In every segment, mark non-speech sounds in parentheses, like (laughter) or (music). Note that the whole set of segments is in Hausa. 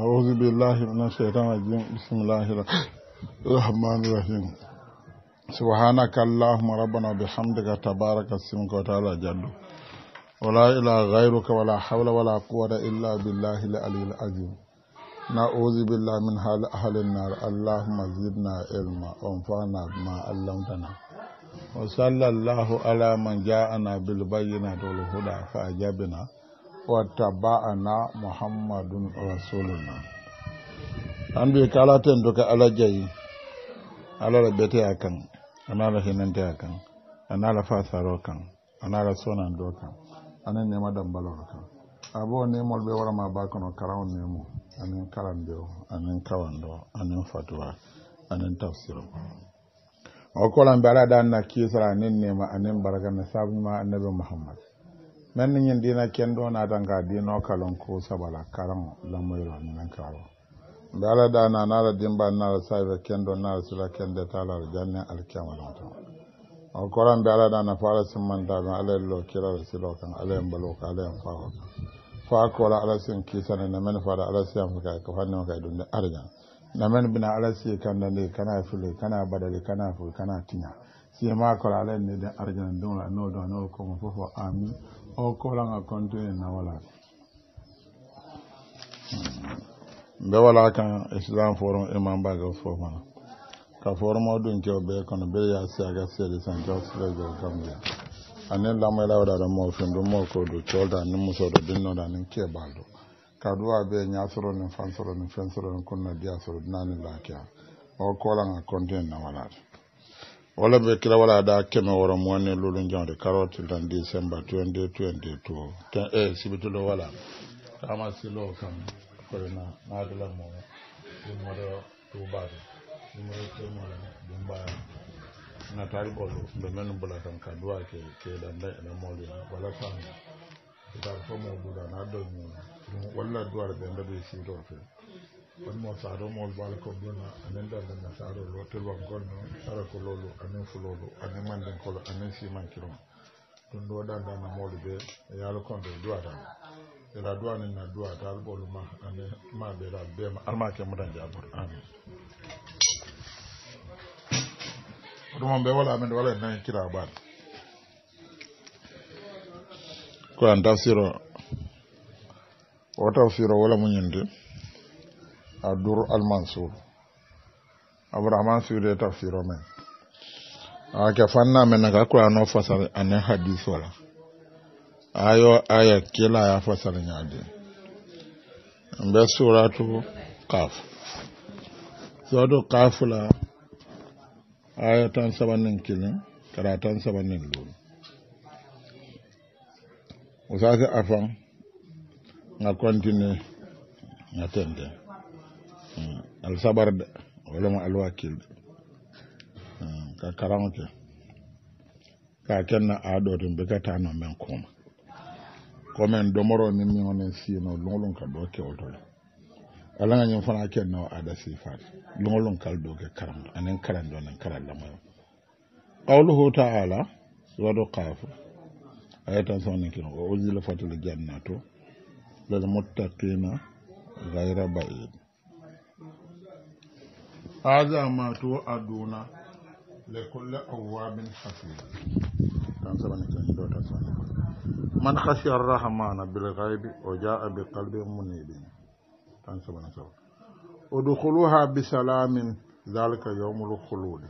أعوذ بالله من الشيطان الرجيم بسم الله الرحمن الرحيم سبحانك اللهم ربنا بحمدك تبارك اسمك وتعالى جل ولا إله غيرك ولا حول ولا قوة إلا بالله العلي العظيم نعوذ بالله من حال أهل النار اللهم زدنا علما وانفعنا بما علمتنا وصلى الله على من جاءنا بالبينات والهدى فأجبنا wattaba'ana muhammadun rasulullah an bi kalaten duka alajayi alara bete akan anala hinante akan anala fasaro kan anala sonan doka kan anan nema dambaloro kan abo nemol wara warama bakono karawon nemo anin karande o anin kawando anan fatuwa anan tafsiro o kolan be ala dan na kisra anin nema anin baraka na ma annabi muhammad men ni dina kendo na danga dino kalon ko sabala karan lamoyro ni men karo dala ala da na nara dimba nara sabe kendo nara sila kende talar janne alkiyama don to o koran be ala da na fara simman da ga ala lo kira silo kan ala en balo ka ala en fawo fa ko la ala sin kisa na men fara ala sin ka ka fanni ka e dun da arjan na men bina ala sin e kan da ne kana fili kana badali kana fu kana tinya sai e ma ko ala ne da arjan don la no don no ko fofo amin o kolanga kontoye na wala hmm. be wala kan islam forum imam eh, baga fo fana ka forumo dun ke be kono be ya saga sele san jos legal gambia anen lamay lawda do mo fin do mo ko do tolda ni muso do dinno da nin ke baldo ka duwa be nyasoro ni fansoro ni fensoro ni kunna diasoro dinani lakia o kolanga na wala wala be kila wala da keme woro mowanne lulu jonde karoti dan december 2022 tuende to eh, sibitu sibitulo wala ama si lo kam ko na na mo korena nadula momo ɗummoɗo tubaɓe ɗummoɗo mo ɗum mbaya na tari bo do be menu bula tan ka do ake ke dan na mo do wala kam itar ko mo do na do ni wala do ar be ɓe si do fe wonmo saaromol baala kobbuna anen dande nasaarol wattelwan gonno sarakololu anen fulolu anen mandenkolo anen simankiron ɗum ɗo ɗandana mawɗo ɓe yaala kon ɓe duwata ira duwani na duwata alɓolu ma ane ma ɓeeɗal bema almake mudan jabor amin ɗumon ɓe wala amin wala nan kira baɗ ko an tafsiro o tafsiro wala muñinde الدر المنصور أبو الرحمن سوري تفسير من ake fanna men naga kurano fasal ane hadis wala ayo aya kila ya fasal nyade mbe suratu kaf suratu kaf la aya tan sabanin kilin kara tan sabanin lulu usase afan na continue Eh, alsabarde wala ma alwakilde eh, ka karanke ka kenna aɗo ten begatano men kuma komin domoro min min onen sino lunglun ka ɗo kewtole alagañum fana kennao aɗa sifat lunglun kal ɗoke karam anen karande onen karallamoyo qawluhu taala suratu kaafu ayetan sonikin o usilafatil jannato lel muttaqina gayra baid هذا ما توعدون لكل أواب حفيظ من خشي الرحمن بالغيب وجاء بقلب منيب ادخلوها بسلام ذلك يوم الخلود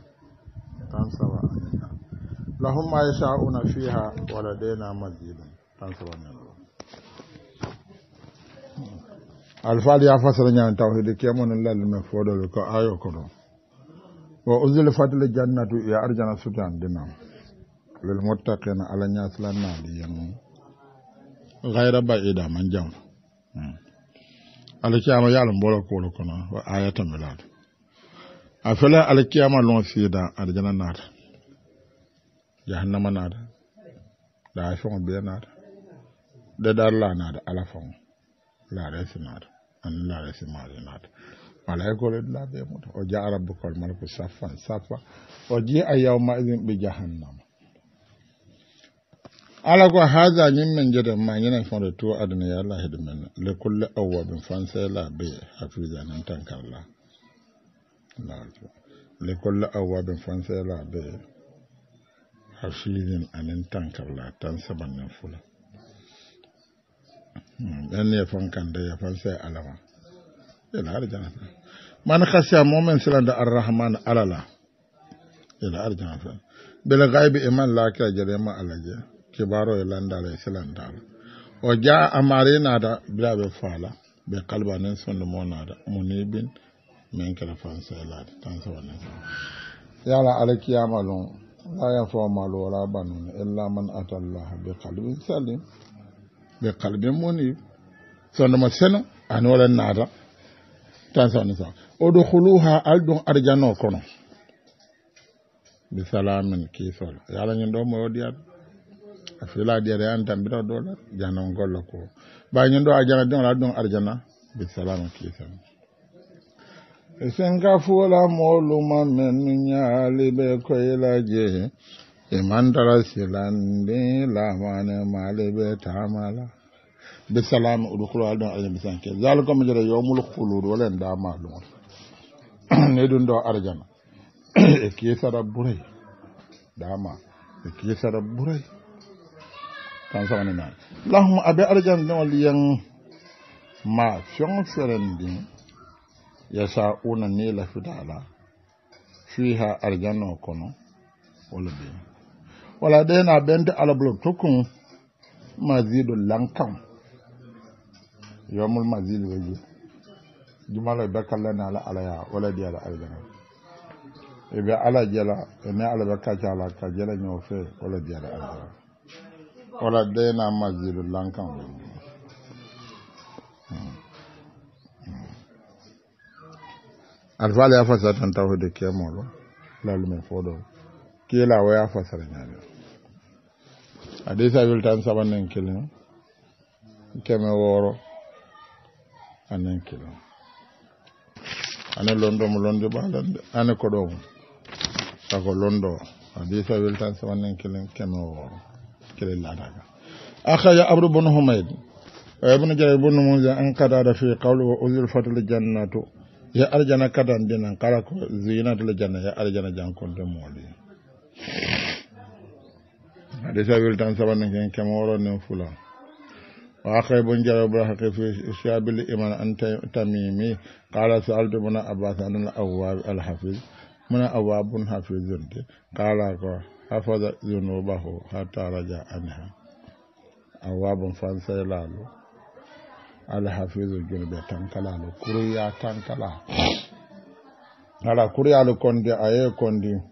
لهم ما يشاءون فيها ولدينا مزيد alfaal ya fasara ñaan ke kemono lal me fodo ko ayo do wa uzlifat le jannatu ya arjana sutan dinam lil muttaqin ala di yam ghayra baida man jam hmm. alkiyama yaala mbolo ko na wa ayatan milad a ala alkiyama lon sida arjana nat jahannama naata daa fon be nat de dar la nat ala fon laresi maɗa an laresi maɗa naɗa la laɓe muta o ja rabbukol malko saffan saffa o ji a yawma idin bi jahannama ala ko haga ñin men jede ma ñinen fonde to aduna yo allah heɗu men le kulle awwaɓin la be tankar la tankarla le kulle awwaɓin la be anan tankar la tan sabannin fula Hmm, ɗanni e fon kande ye fon se alama yela arjana fe man kasiya momen silande arrahman alala yela arjana fe bele gaybi e man lakira jeɗema allah je kibaro e landala e silandala o ja amari nada bilaɓe faala ɓe kalba nen sondu mo nada moni bin min kela fan selade tan sawane yala ala kiyama lon la yafo malu wala banun illa man atallaha bi qalbin salim ɓe kala ɓe moni ma seno ani wala naata tan sani sa oɗo huluha alɗum arjano kono bi salamin kiisol yala ñin mo moyo ɗiyat a fiila ɗiyata yani tambita dolat janon golla ko ɓa ñin ɗo arjana ɗin ala ɗum arjana bi salamin kiisol sen ka fuwola mooluma men ñaali ɓe koyla jehe imandara silandi lamane mali be tamala bisalam udukulu aldo ajin bisanke zalika majara yawmul khulud walan wale malum ne dun do arjana (clears throat) e kisara burai dama e kisara burai kan sa wani nan lahum abi arjana ne liyan ma fiyon serendi ya una ne fidala fiha arjana kono wala biyu wala ɗena ɓente alabloto kun masiɗo lankan yomul masiɗo weji jumala ɓe lana ala ya wala di ala aljana eɓe ala jela ene ala ɓe kaca ala ka jela ñoo fe wala di ala aljana wala ɗena masiɗo lankan alfaala ya fasara tan tawhide kemoɗo lalumen fo ɗo kiila o ya fasara hadisa wil tan sabannen kilin keme wooro anen kilin ane londo mo londi ɓaalande ane ko ɗo sako londo hadisa wil tan sabannen kilin keme wooro kilin laataka akhaja abdou bon humayd ibnu jarir bon munzir an kadada fi qawli wa uzilfatul jannatu ya arjana kadan dinan kala ko zinatul janna ya arjana jankonde mooli hadisa bil tan sabanan ken kema woro ne fula wa akhay bun jaro bra hakki fi shabil iman an tamimi qala sa'altu bun abbas an al awwab al hafiz mun awabun hafizun qala ko hafaza zunubahu hatta raja anha awabun fansa sayalalu al hafizu julbe tan kala kuriya kala ala kuriya lu kondi aye kondi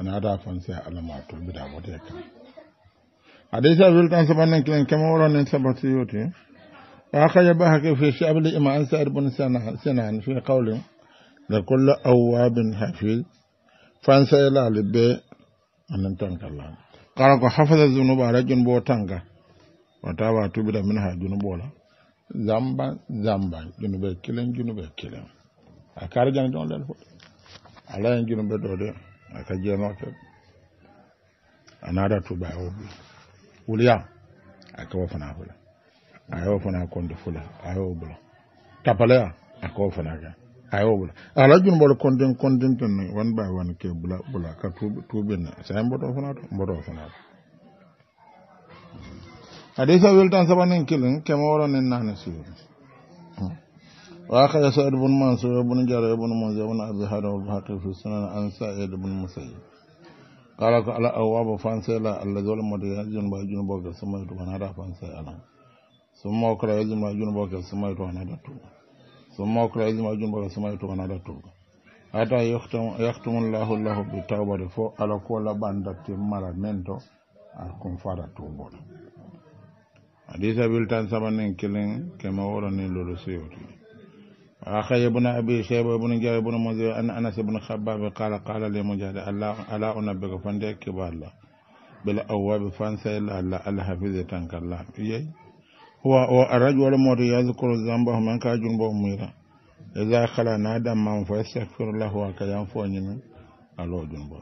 ana da fan sai alama to bi da mota ta a dai sai wurin sa banin kin kamar wurin nan sa bata yi ya ba haka fi shi abin imam an sa ibn sana sana ne fi qaulin da kullu awabin hafiz fan sai la libe anan tan kala kar ko hafaza zunuba rajin bo tanga wata ba to bi da min ha zunubo zamba zamba zunuba kilan zunuba kilan a jan don lalfo alayin zunuba dole a ka jeno ke a naata tubayo bi wuliya a ka fana fula a ye wo fana kondi fula a fana ala jun bɔra kɔndin kɔndin ne wani ba ke bula bula ka tubi ne sɛ n bɔtɔ fana n fana hadisa wel sabanin kilin kɛmɛ wɔɔrɔ ni naani وأخذ سعد بن منصور بن جري بن منزي بن أبي هر وبهقي في السنن عن سعيد بن مسيب قال على أواب فانسيلا الذي ولم يجن بأجن بوك ثم يتوان هذا فانسيلا ثم أكرا يجن بأجن بوك ثم يتوان هذا توك ثم أكرا يجن بأجن بوك ثم يتوان هذا توك حتى يختم الله الله بالتوبة فو على كل باندكت مرا منتو أركم فارا توبون حديث أبيل تنسى من كلين كما ورني لرسيوتي أخي ابن أبي شيبة ابن جابر ابن مزير أن أنس بن خباب قال قال لمجاهد ألا ألا أنبئك فانجا كبار الله بالأواب فانسى الله الله حفظ تنك الله يي هو هو الرجل مري يذكر ذنبه من كاجن بوميرا إذا خلا نادى من فيستغفر الله وكيان فوني من الله جنبه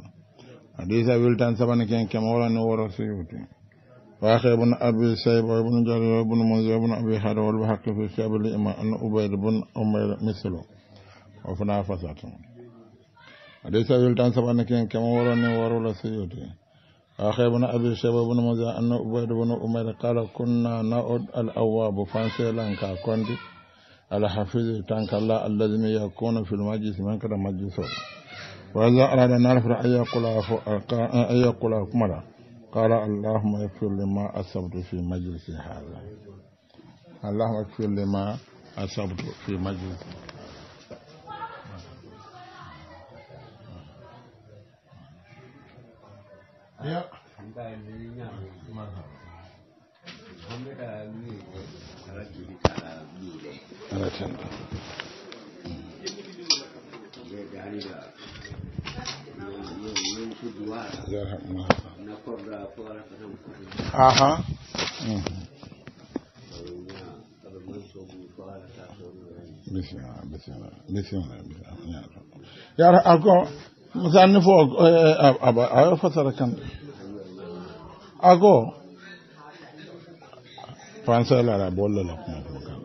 حديث أبي التنسبن كان كما ولا نور سيوتي وأخي ابن ابي سيب وابن جرير وابن منذر وابن ابي حاتم والبحق في كتاب الإمام ان أبيد بن أمير مثله وفنا فساتهم أليس ويلتان سبعنا كين كما ورني ورول لسيوتي أخي ابن ابي سيب وابن منذر ان أبيد بن أمير قال كنا نعد الاواب فانسي لنكا كنت على حفيظ تانك الله الذي يكون في المجلس من كان مجلسه وإذا أراد أن نعرف أن يقول أن يقول قال اللهم اغفر لما أصبت في مجلس هذا اللهم اغفر لما أصبت في مجلس Yeah. aha yara ako musanni fo aba ayo fasara kan ako fansa lara bolla la kuma kuma kan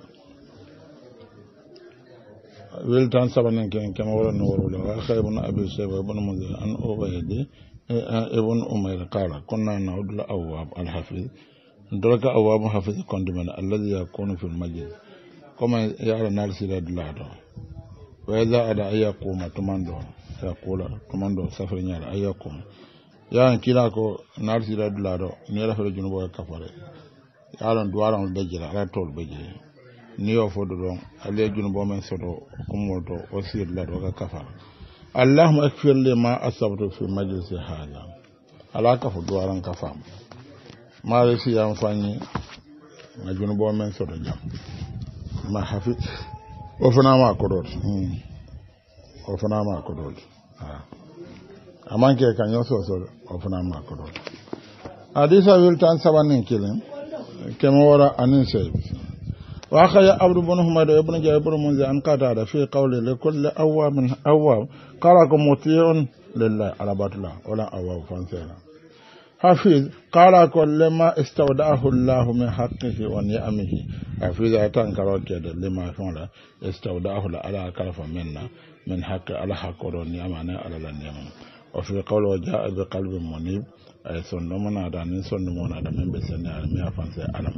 wiltan sabanin kenke mawara na wuri wuri aka yi bunu abu sai bai bunu mazai an obaide a e, ibn umair qala kunna na'udul awwab al hafiz daraka awwab hafiz kondimen alladhi yakunu fil majid kuma ya ala nar sira dilado wa idha ada ayyakum tumando yaqula tumando safar nyara ayyakum ya an kila ko nar sira dilado ni rafa junubo kafare ya ala duwaran dajira ala tol bajira ni yo fo ɗoɗon ala e junubo men soto kummoto o sirlaɗo ka kafa allahuma akfirli ma asabtu fi majlisi haha ala kafo duwaran ka fam maare siyan fanni a junubo men soto jam ma hafi o fanama koɗol hmm. o fanama koɗol a manque kaño soso o fanama koɗol hadisa wil tan saɓanin kilin kemo anin seybe وأخذ عبد بن حميد وابن جابر بن منذر عن قتادة في قول لكل أواب أواب قالكم مطيع لله على بطلة ولا أواب فانسينا حفيظ قال كل ما استودعه الله من حقه ونعمه حفيظ أتان كروكيد لما فعل استودعه على كرف منا من حق على حق ونعمنا على النعم وفي قول وجاء بقلب منيب Eh, sondoma na da nin na da min be ne ala mi a fanse alam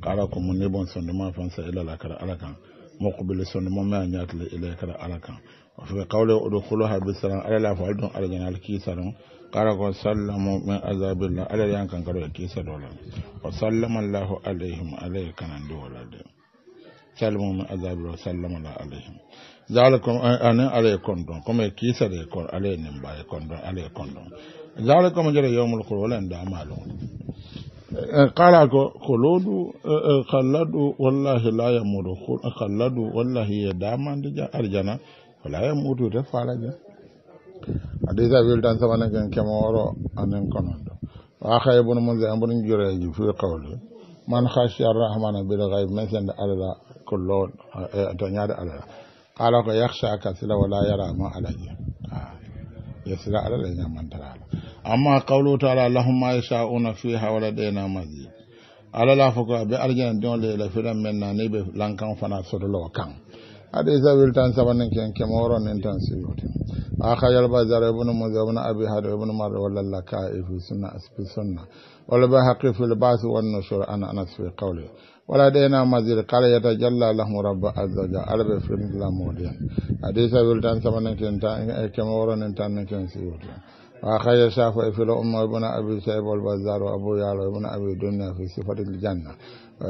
kara kuma mun ne bon sonduma fanse ila la kara alaka. kan moqbili sonduma mi a ñatile ila kara ala wa fi qawli udkhuluha bi salam ala la fa'al dun arjan al kisalon kara ko sallamu min azabilla ala yan kan karo kisa dola wa sallama allah alaihim alayhi kanan dola de sallamu min azabilla sallama la alaihim zalikum eh, an alaykum don kuma kisa de kon alayhi nimba kon don kon don zalika majra yawmul khulwala da malum قال خلود خلد والله لا يموت خلد والله يدام دجا أرجنا ولا يموت تفالجا حديث أبي الدان سبحانه كان كما ورا أن كنون وأخي ابن منذر ابن جريج في قوله من خشي الرحمن بالغيب مثل الله كل تنيار الله قال يخشى كثيرا ولا يرى ما عليه يسرى على الذين من ترى أما قوله تعالى لهم ما يشاءون فيها ولدينا مزيد ala la fo ko aɓe arjana jonle la filan men nani ɓe lankan fana sotolowo kan aɗa isawil tan sabanin ken kema woro nin tan siyote akhajal bazar ibnu musa ibnu abi hado ibnu mar walla laka fi sunna asfi sunna walla ba haqi fil basi wan nushur an anas fi qawli ولا دينا مزير قال يتجلى لهم رب عز وجل عرب فريم لا مودين حديث ابل تان سما نكين تان كما ورن تان نكين سيوت واخي شاف في الام ابن ابي سعيد البزار وابو يالو ابن ابي دنيا في صفه الجنه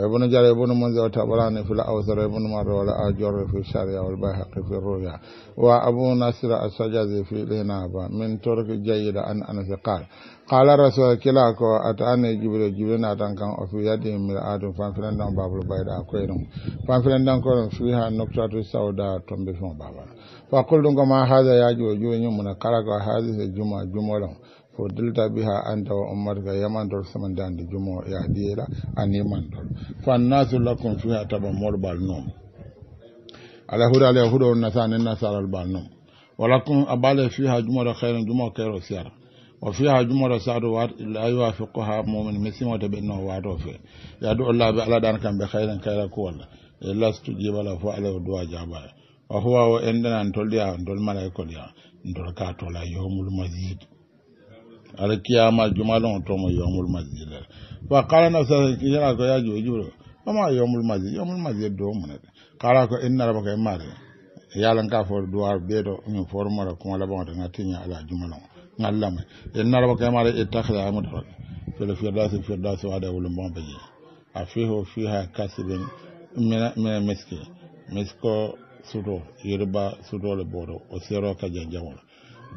ابن جار ابن منذ وتبران في الاوثر ابن مر ولا اجر في الشريعة والباحق في الرؤيا وابو نصر السجازي في الهنابه من ترك جيد ان انس قال qala rasul kila ko ata ne jibril jibril na tan kan ofi yadi mir adu fan filan dan babul bayda ko irum fan filan dan ko irum fiha nuktatu sauda tombe fon baba fa qul dun ma hada ya jo jo nyum mun kala ko hadis juma jumolon fo dilta biha anta wa ummatka yaman dor saman dan di jumo ya diela ani man dor fan nasu lakum fiha taba morbal nom ala huda ala huda nasana nasara al bal nom walakum abale fiha jumo da khairan jumo kairo siara وفيها جملة سعد لا يوافقها مؤمن مسلم وتبينه وعده فيه يدعو الله بألا دان كان بخير كير كولا إلا استجيب له فعله ودعا جابا وهو وإننا نتول يا نتول ملايكو يا نتول كاتولا يوم المزيد القيامة جمال وتوم يوم المزيد وقال نفسه كيرا كيا جوجو وما يوم المزيد يوم المزيد دومنا قال إن ربك إماري yalan ka for duwar bedo in formula kuma laban wata na tinya ala jumalon علم ان ربك ما اتخذ عمد في الفردوس الفردوس هذا ولم بجي افيه فيها كسب من مسك مسك سدو يربا سدو لبورو وسيرو كجنجون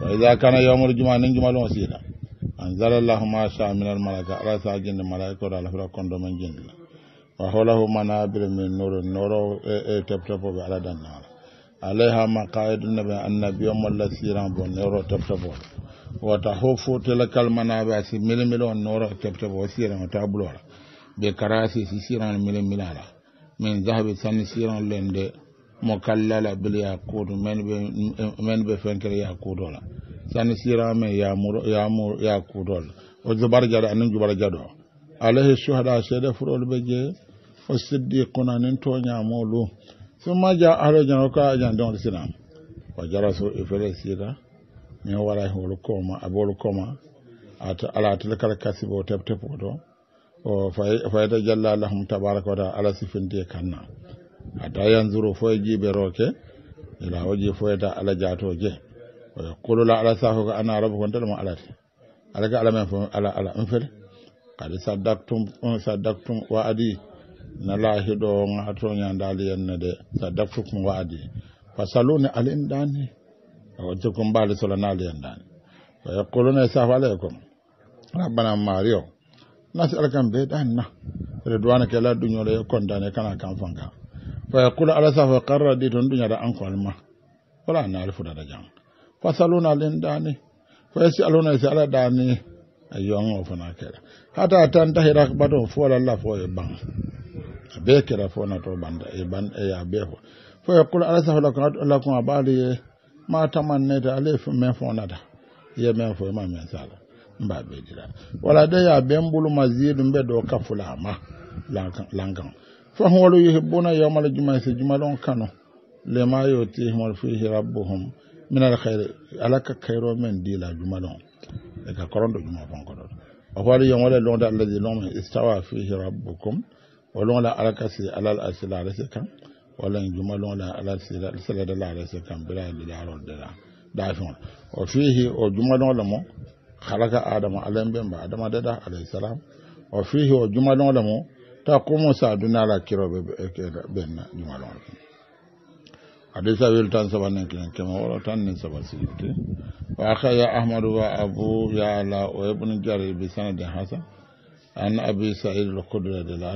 واذا كان يوم الجمعه نجم الوسيله انزل الله ما شاء من الملائكه على ساجين الملائكه ولا فرا كوندوم جن وحوله منابر من نور النور إيه، إيه، تب تب على النار عليها مقاعد النبي النبي يوم الله سيران بون نور تب تب wata hofo telakal mana ba si mili mili on nora kepta ba wasira na tablo la be karasi si sira na mili mili la min zahabi san na lende mo kallala bil ya yaqud men be men be fenkere yaqud la san sira me ya mur ya mur yaqud la o zubar jada anin zubar jado alaihi shuhada sheda furol be je o siddiquna nin to nyamolu summa ja arojan ka jan don silam wa jarasu ifele sira wala warahi wol kooma abowol ata ala kala kasi bo tep tep do o fay fayda jalla lahum tabaraka wa taala ala sifin de kanna hata yanzuru foye jiiɓe roke ila waji foyeta ala jato je o la ala sahu ko ana rabu kon telemo ala ala ga ala men ala ala um qad sadaqtum un sadaqtum wa adi na ngato nyandali henne de sadaqtum wa adi fa alindani wacce kun ba da sola nalu yandani fa yaquluna yasafu alaykum rabbana mario nasi alkan be dan na redwana ke la dunyo le kondane kana kan fanga fa yaqulu ala safa qarra di dun dunya da an ko alma wala na alfu da jam fa saluna lin dani fa yasaluna ala dani ayo o fana kera hata tan tahira bato fo la la fo e bang be kera fo na to banda e ban e ya be fo fa yaqulu ala safa lakum lakum abali ma tamannede ala e men fonata ye men fo ma men sala mba ɓe jira wala de ya ɓen ɓulu masidu ɓe ɗo ka fulama lankan fahwalu yuhibbuna yawmal jumaa si juma ɗon kano lema yotihimol fihi rabbuhum min al hayre alaka kayro dila juma ɗon e ka koronɗo juma fonko ɗon o istawa fihi rabbukum alaka si alal walan jumalola ala seledala ala se kambira e lijarol dela dafiola o fihi o da mo halaka adama alan bemba adama da alayhi salam o fihi o da mo ta kuma sa dunala kiroɓe ɓenna jumalola حديث أبي التان سبع نكلين كما ولا تان سبع سيبتي وأخي أحمد وأبو يعلى وابن جرير بسند حسن عن أبي سعيد الخدري رضي la.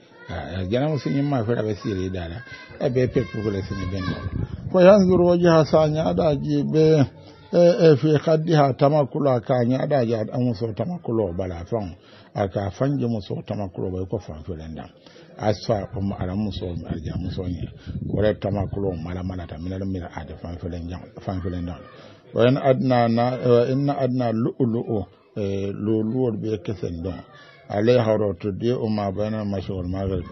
جنم سنين ما فرق سيري دارا أبي بيبو كل سنين ka ñaɗa jaɗa muso tamakulo bala fan aka fanje muso tamakulo ɓay ko fanfirenda asfa muso mala na inna adna alayha ro tuddi umma bana mashi wal maghrib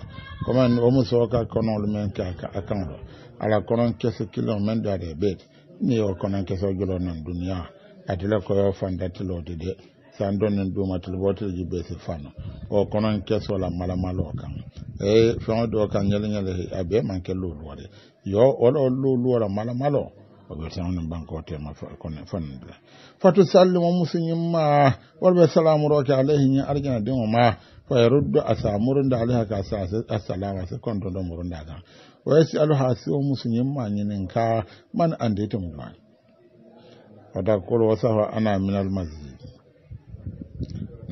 kuma o muso ka kono men ka akan ro ala kono kese kilo men da de bet ni o kono kese o julo nan duniya atila ko yo fanda tilo de de san don donin duma tilbotil ji besi fano o kono kesi la mala malo kan e fon do kan nyele nyele abe man ke lulu wale yo o lulu wala mala malo oɓe sanonin banko tema fannidira fatu sallimo musuñimma wolɓe salamuroke alayhi yin arjana dimo ma fa yeruddu asa murunda alayha ka assalama si kontoɗo murunda kan o yesi alu ha siwo musuñimma ñinin ka man andi temo mani wata kolo wasafa ana min minal masjid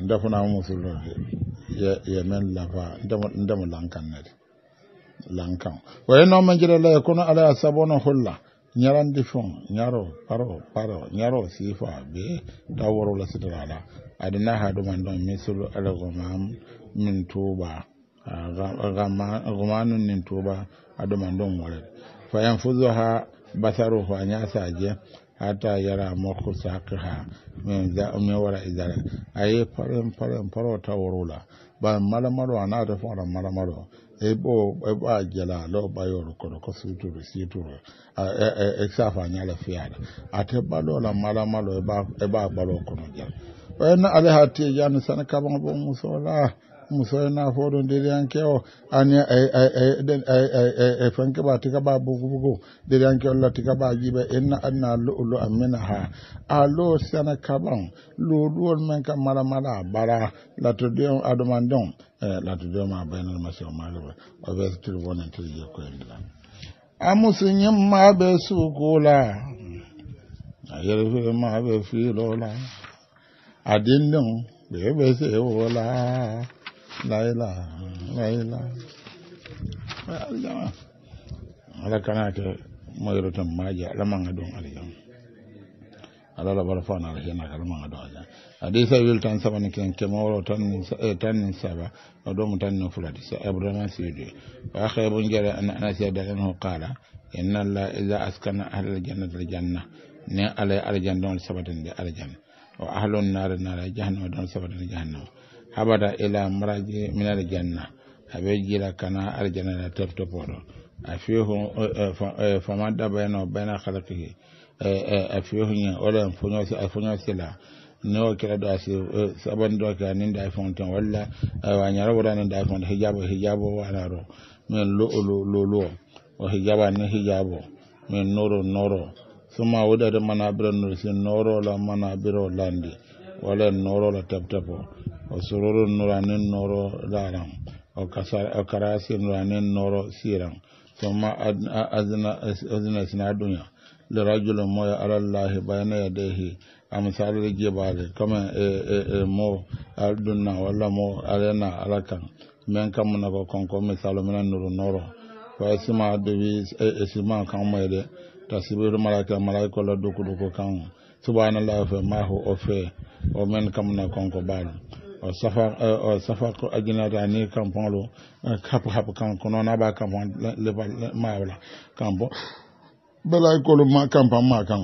ndefuna musulode ya men lafa ndemo lankan nede lankan wayi noon men jiɗa laye kono alaya sabono hulla? di fon ñaro paro paro ñaro sifa be daworo la sitorala adina ha do man ɗon misul alghamam min tuba gomanu nin tuba aɗuman ɗon woret fa yanfudu ha fa nya saje hata yara mokku sakha min umi wara idara ayi paren paren paro taw worola ba malamaro ana ta fon ara ey bo ɓe ɓa jala lo ɓayoro kono ko suturu suturu e, e, e safa ñala fiyaɗa ate ɓaɗola malamalo e ɓa ɓalo e kono jal ɓayna ala ha tejani sana kaban bo musola muso ena fooɗo ndiriyanke o ani e fanke ɓa tika ɓa bugubugu ndiriyanke olla tika ɓa jiɓe inna anna lolo amina ha a lo sana kaban loɗuwol men kam mala mala a ɓara latto diyon aɗumandon Eh, latudoma bainal masih malaba oɓe so tiri wonentiri je koyendila amusi ñimmaɓe suukula a yerfire maɓe fiilola adindin ɓeɓe sewola layla layla aljama ala kanake moyrotan maji alamaga ɗum aljama ala la bara fana ala kena kalma ga doja hadisa wil tan saba ni ken kema wala tan ni eh, tan ni saba do mu tan ni sa an anas ya dalan qala inna la idha askana ahli aljannati aljanna ne ala aljanna wa ahlun nar nar jahannam don jahannam ila maraji min aljanna abe jira kana eh, eh, bayna bayna khalqihi Eh, eh, a fiyohin wala amfani eh, iphone sila ne wa kira da su sabon doka nin da iphone tan walla wa nyara wala nin da iphone hijabo hijabo wa ro min lo lo lo wa hijaba ni hijabo min noro noro suma wuda da mana bira nursi noro la mana bira landi wala noro la taptapo o sororo nura nin noro laran o karasi nura nin noro siran suma azina sina duniya لرجل ما على الله بين يديه أمثال الجبال كما مو أردنا ولا مو علينا على كان من كم نكو كم مثال من النور نور فاسمع دبي اسمع كم ما يد تسبير ملاك ملاك ولا دوك دوك كم سبحان الله في ما هو أفه ومن كم نكو كونكو بال o safa o safa ko ajinata ni kampon lo kap kap kan kono na ba kampon le ma wala kampon bala kolu ma kampa ma kan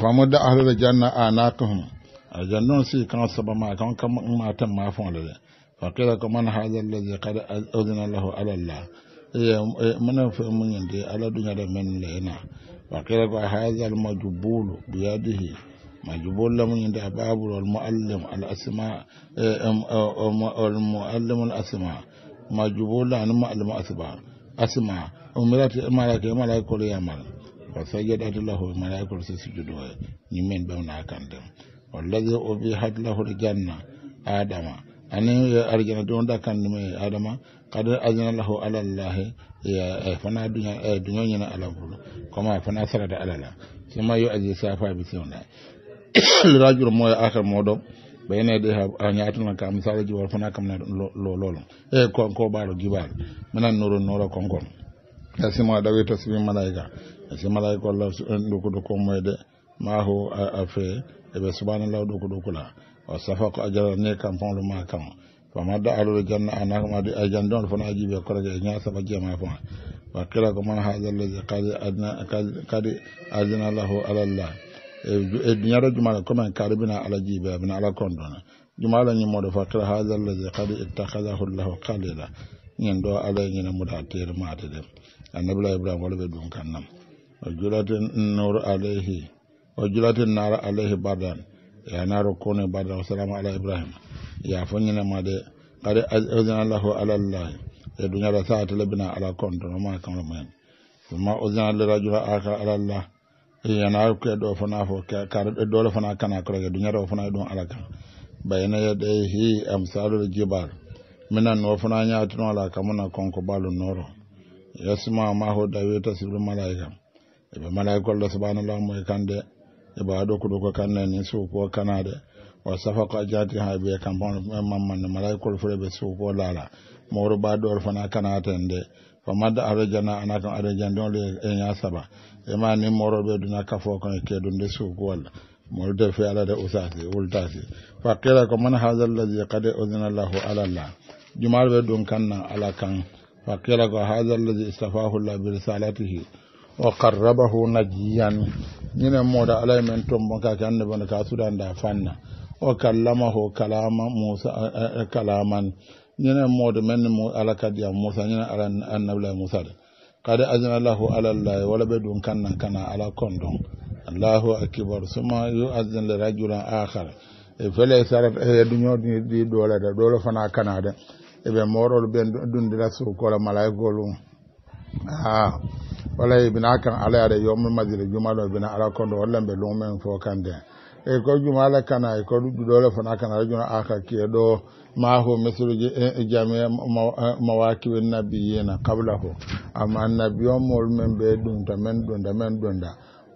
famu da ahlul janna anaqhum ajannon si kan saba ma kan kan ma tan ma fon le fa kila ko man hadha alladhi qad udna lahu ala allah ya mana fa mun yande ala dunya da men le na fa kila ko hadha al majbul bi yadihi majbul lam yande babul al muallim al asma e, al muallim al asma majbul an muallim asma asma umirati malaka malaka ko ya malaka wa sajjadat lahu malaikatu si sujudu nyimmen ɓe wona kande walladi o wi had lahu janna adama ani arjana ɗo da kandema e adama kad adina lahu alallahi e eh, fana duña e eh, duñoñina alam fulo comme fana sarata alala sima yo adi safaɓe sewna (coughs) akar moɗo ɓayne de ha ñatuna ka misalaji eh, wor esi malaika allah ɗoko eh, ɗoko moyde maho eh, a fe eɓe subhanallah ɗoko la o safa ko ajara ni kam fonlo ma kam ma da alol janna anakama de ajande on fona ajiɓe korage e ñasaba jeema fama wa kila ko man haada alladi kadi adina lahu alallah e eh, ñaro jumala commen kaɗo bina ala jiiɓe bina ala kondona jumala ñimmoɗo fa kila haada alladi kadi ittahadahu llahu kalila ñin ɗo ala ñina muɗa teer mate de annabila ibrahima wala ɓe ɗum kan wajulatin nur alaihi wajulatin nar alaihi badan ya naru kone badan wasalamu ala ibrahim ya funyina ma de kare azina lahu ala allah e dunyara sa'ata labina ala kontono ma kamra men ma uzina lirajula aka ala allah yana kai do fana fo kar dole fana kana kare dunyara fana don alaka bayana yadayhi amsalul jibal minan wa fana nya tun ala kamuna konko balu noro yasma ma ho dawe tasibul malaika ebe eɓe malayikolɗo subhanallah moye kande eɓe aɗo kuɗo ko kanne ni su ko kanade wa safaqa jati ha be kan ɓe kampan mammanne malayikol fure be ɓe suufo laala mawru ɓa ɗor fana fa madda arjana arojana arjana kan le en ya saba e ma ni moroɓe duna kafo su ko wala walla molde fe ala de usati usasi fa faqila ko man hadha alladi qad udna lahu ala llah jumaɗo ɓe ɗum kanna ala kan fa faqila ko hadha alladi istafahu llah bi risalatihi o karrabahu najiyan ñinen moɗo alay men tombo kake annde bone ka suɗanda fanna o kallamahu kalama musa kalaman ñinen moɗo menne alakadiyam moussa ñinen ala annabilahi moussa de kad ajna lahu alallahi wala ɓe ɗum kannan kana ala kon ɗon allahu acibar suma yu asdin le rajulan ahare e fele e sarat e duñoɗi ɗi ɗoole de ɗoole fana kana de eɓe moroɗo ɓe dundira sukola malaygolum a ah. walla bina kan ala yaɗa yomul masjid juma ɗo bina ala kondo wallan ɓe lumen fo kande e ko jumala kana e ko ɗuɗɗuɗole fona kana rajuna aka kiye ɗo maho misiru e, e jamia e, mawakiɓe nabiyina kabla ho amma annabi on mol men ɓe ɗumta men ɗunda men ɗunda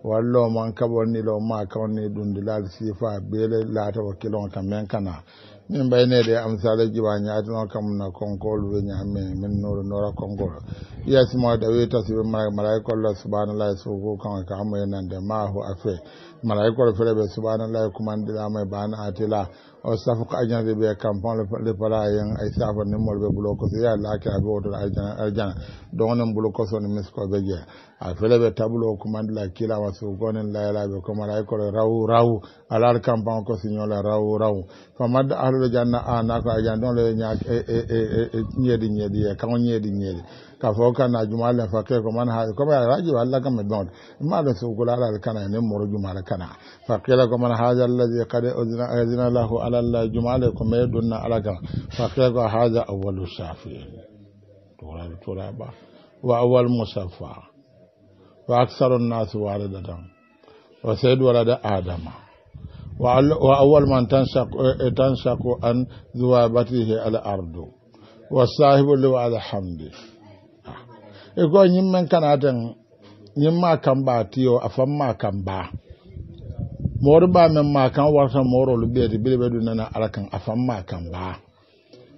wallo man kaɓonnilo ma dundi lal sifa bele laata wakkilon kam men kana min ne mbaynede jiba jiwañi adino kam na konkol weñi amme min nuru nora konkol mara wi tasiɓe malaikolla subhanallahi go kan ka nan amoyenande mahu afe malaikol kuma subhanallahi mai bana atila o safu ko be be kampon le pala yang ay safa mol be bulo ko ya laake aɓe oto aljana dogonen bulo koso ne be je a fele ɓe tabulo kila wa so gonen be ko mara ko rawu rawu alal kampon ko siñola rawu rawu mad ahlul janna ko aljana don le e, e, e, e nyedi nyedi e kan nyedi nyedi ka fo kana jumala fa ke ko man ha ko ba raji walla kam don ma da su kula ala kana ne moro jumala kana fa qila ko man haja alladhi qad uzna azna lahu ala allah jumala ko me dunna ala kan fa qila ko haja awwalu safi tora tora ba wa awwal musaffa wa aktharu an-nas waradatan wa sayyid walada adama وأول من تنشق تنشق عن ذوابته الأرض والصاحب له على حمده ego nyimmen kana den nyimma ba tiyo afamma ma mori ba men ma kan warta moro lu be de bele bedu nana alakan afamma a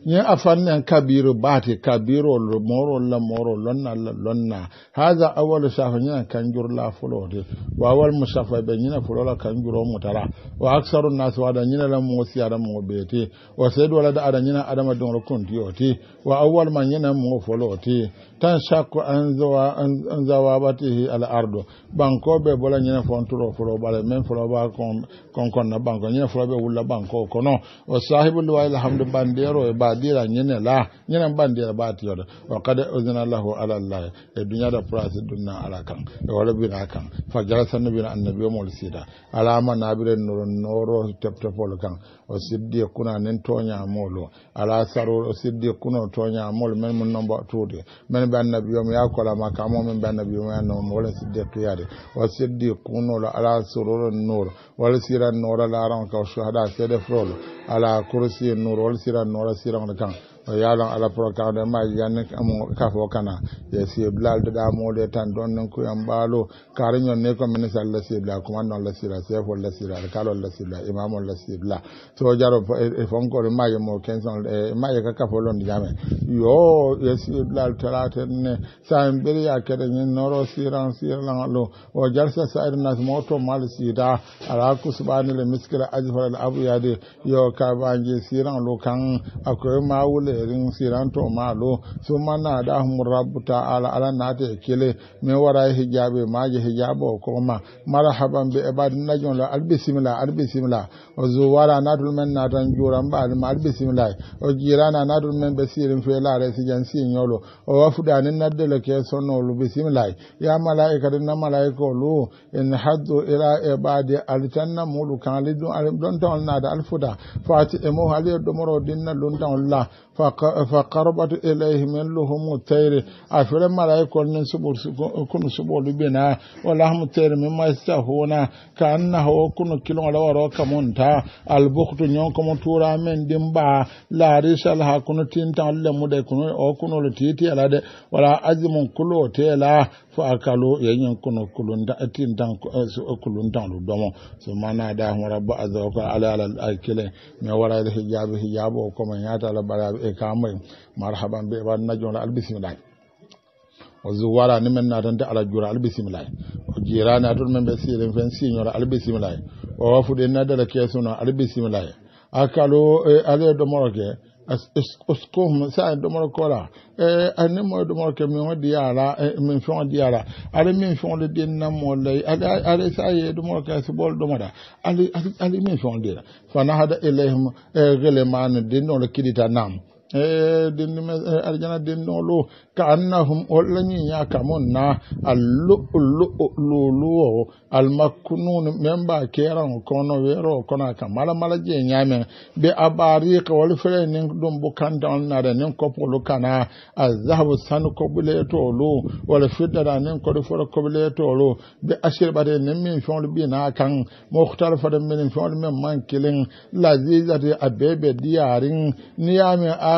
nye nan kabiru ba ti kabiru lu moro la moro lonna la lonna haza awal safa nyana kan jurla fulo de wa wal musafa be nyana fulo la kan juro mutara wa aksaru nas wa da nyana la mo siya da mo be te wa sayd wala da ada adama don rukun kun ti wa awal man nyana mo fulo te tan sakko an zawa an zawa batihi al ardo banko be bola nyene turo furo bale men furo ba kon kon kon na banko nyene furo be wulla banko ko no o sahibu liwa alhamdu bandero e badira nyene la nyene bandira bati yoda wa qad uzna lahu ala allah e dunya da prasi dunna ala kan e wala bi na kan fa jalasa nabi na annabi mo sida alama nabire nuru noro tep tepol kan o siddi kuna nen tonya molo ala saru o siddi kuna tonya molo men mun nomba tude men min ɓe annabiyomo yakolama kamo min ɓe annabiyomo yannomo wala siddiqu yaade wa siddiqu nolo ala sururo nuro wala siran noro laran ka suhada seede frolo ala kursi nuro wala kan o yaalon ala porokaaɗo maji yanni kafo kana ye siblalde ɗamode tan ɗon nen kuyen ɓaalo kaariñon ni commune sa alla kuma commandon la sibla chef o la sibla alkalol la sibla imam o la sibla to jaro fonkore maje mo ma maje ka kafo londe jamen yo ye siblal talata ne ya kada ni noro siran la lo o na sairinas to mal sida ala kusuɓani le miskira ajfaral abuyade yo kabaji siran lo kan akoye ma wule irin siranto maɗo summa naɗahum rabbu taala ala naate e kele min wara e hijaɓe maje hijaɓe o koma marhaban be eɓadi najonla aɗa bisimila aɗa o zuwara natul men natan juran ɓaɗima aɗa bisimilay o jirana natul men ɓe sirin felare sijan siñolo o wafuɗani naddele ke sonnolu bisimilay ya malaika ɗe na malaika olu in haddu ila eɓadi alitanna mulu kan ali ɗon ton naada alfuda fati e mo ali e ɗomoro dinna luntan la fa karɓatu ilayhi min luhumu tayri a fire malaikol nin kunu suɓolu ɓina wa lahmu tayri min mastahuna ka annahu wo kunu kilola waro kamunta albuktu ñonko mo tura min ɗin ɓa larisal ha kunu tintanlemude kunu o kunolu titiyala de wala ajimum kulotela fo akalo yayin kuno kulun da atin dan eh, su kulun dan lu domo so mana da mara ba azza ko ala ala akile me wara da hijabu hijabu ko man ya ta la bara e eh, kamai marhaban be ban najon al bismillah o zuwara ni men na da ala jura albisimilayi o jirana atol men be siren fen siñora albisimilayi o de na wafuɗe nadala kesuno albisimilayi akalo eh, ale do moroke oskohum sa domoro kora eh ani mo ke mi wadi yara mi fi wadi yara ari mi fi wadi din na mo sa ye domoro ke so bol domara ali ali mi fi wadi fa na hada ilaihim gele man din no nam e eh, dendume eh, aljana dendoolo ka annahum ollañiñaka mon na al lu'o lu'o luuluwo almakkunuunu men mba keran kono weero konaka mala mala jeñamen ɓe abariqa wala fere nin ɗum bo kanta on nare nin kopolu kana a zahabu san koɓuleetoolu wala fiddata nin koɗo foto koɓuleetoolu ɓe asirɓate nin min fewlu ɓina kan moktal fota minin fewlu men man kilin lazizati a beɓe diyarin niyamen a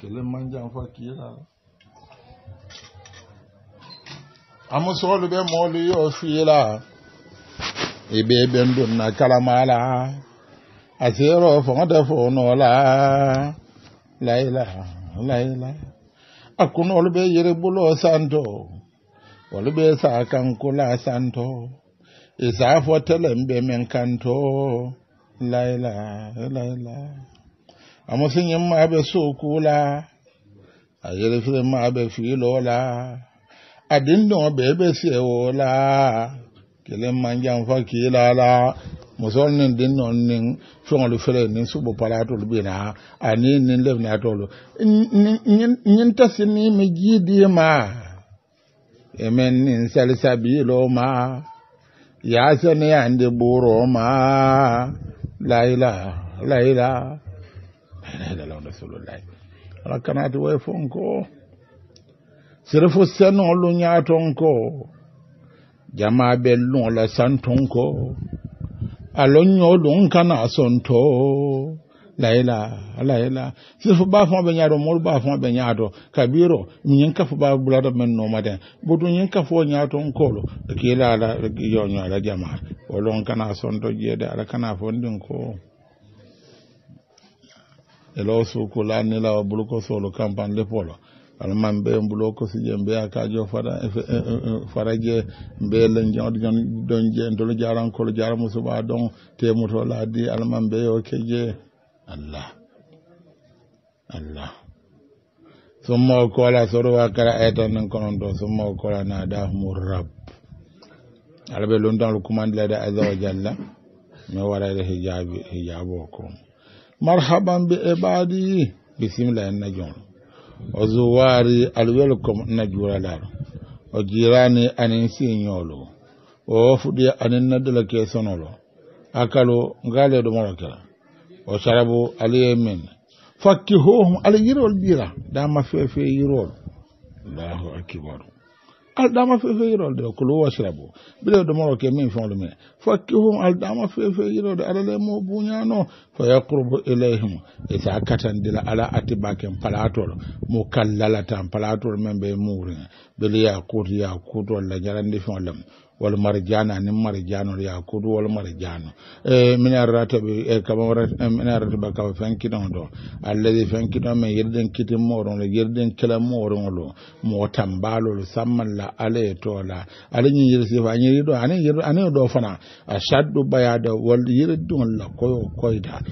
Sele manjanfa kira. Amusolu be molu yo fila. Ibe be ndun na kalamala. Asiro fonda fono la. Laila, laila. Akun olu be yere bulo santo. Olu be sa kankula santo. Isa fotele mbe menkanto. Laila, laila. amasinye ma abe soku la ayelefere ma abe filo la adinna ọbẹ ebe si ewo la kele mma nja nfa kila la musol nin din non nin fengolu fere nin subo pala tolu bina ani ni lefni atolu nyin tasi ni mi jidi ma emen nin salisabilo ma ni yande buro ma laila laila هذا لون رسول الله ركنات ويفونكو sirfu nya tonko. jama ɓen luola santonko nyo lu kana sonto layla layla sirfu bafoɓe ñaato moɗo bafoɓe ñaato kabiro ñin kafo ba bulata men nomaten botu ñin kafo ñaatonkolo kilala yoñoala jama olon kana sonto jeede ala kana fondin ko elo suku lannilawa bulko solo de polo alman ɓe mbulo kosije mbiya kajo faraje mbe e, e, e, lenjaɗ jon ɗon je dolo jarankolo jaramo suɓa ɗon temoto laadi alman ɓe o keje allah allah summa o kola sorowa kara aytan nen konon do summa da kola nadahumu rab ala ɓe lontanol da azza wa jalla mi warayde hijabi hijabo ko marhaban bi ibadi bisimila en najum o zuwari alwelkom na juralar o jirani anin siñolo o wofuɗi anin naddala ke sonolo akalo ngale ɗo marakela o sarabu aliye min fakki hohum ala yirol ɓira dama fefe yirol allahu akbaru aldama fefeyrolde o ko luwo bile bilewde ke min fewde mine fakkihum aldama fefeyrode alale mo buñano fa yaqrubu ilayhim e sa katandila ala atibaken palatol mo kallalatan palatol men ɓe murin bele yakut yakutol la jarandi fewlem wal marjan ani marjano ya kudu wal marjano e min arata e kama wara e, min arata ba fanki don do alladi fanki don me yirden moron le yirden kala moron lo mo tambalo lo ale tola yirsi fa ni do ani yir ani do fana ashaddu bayada wal la ko koida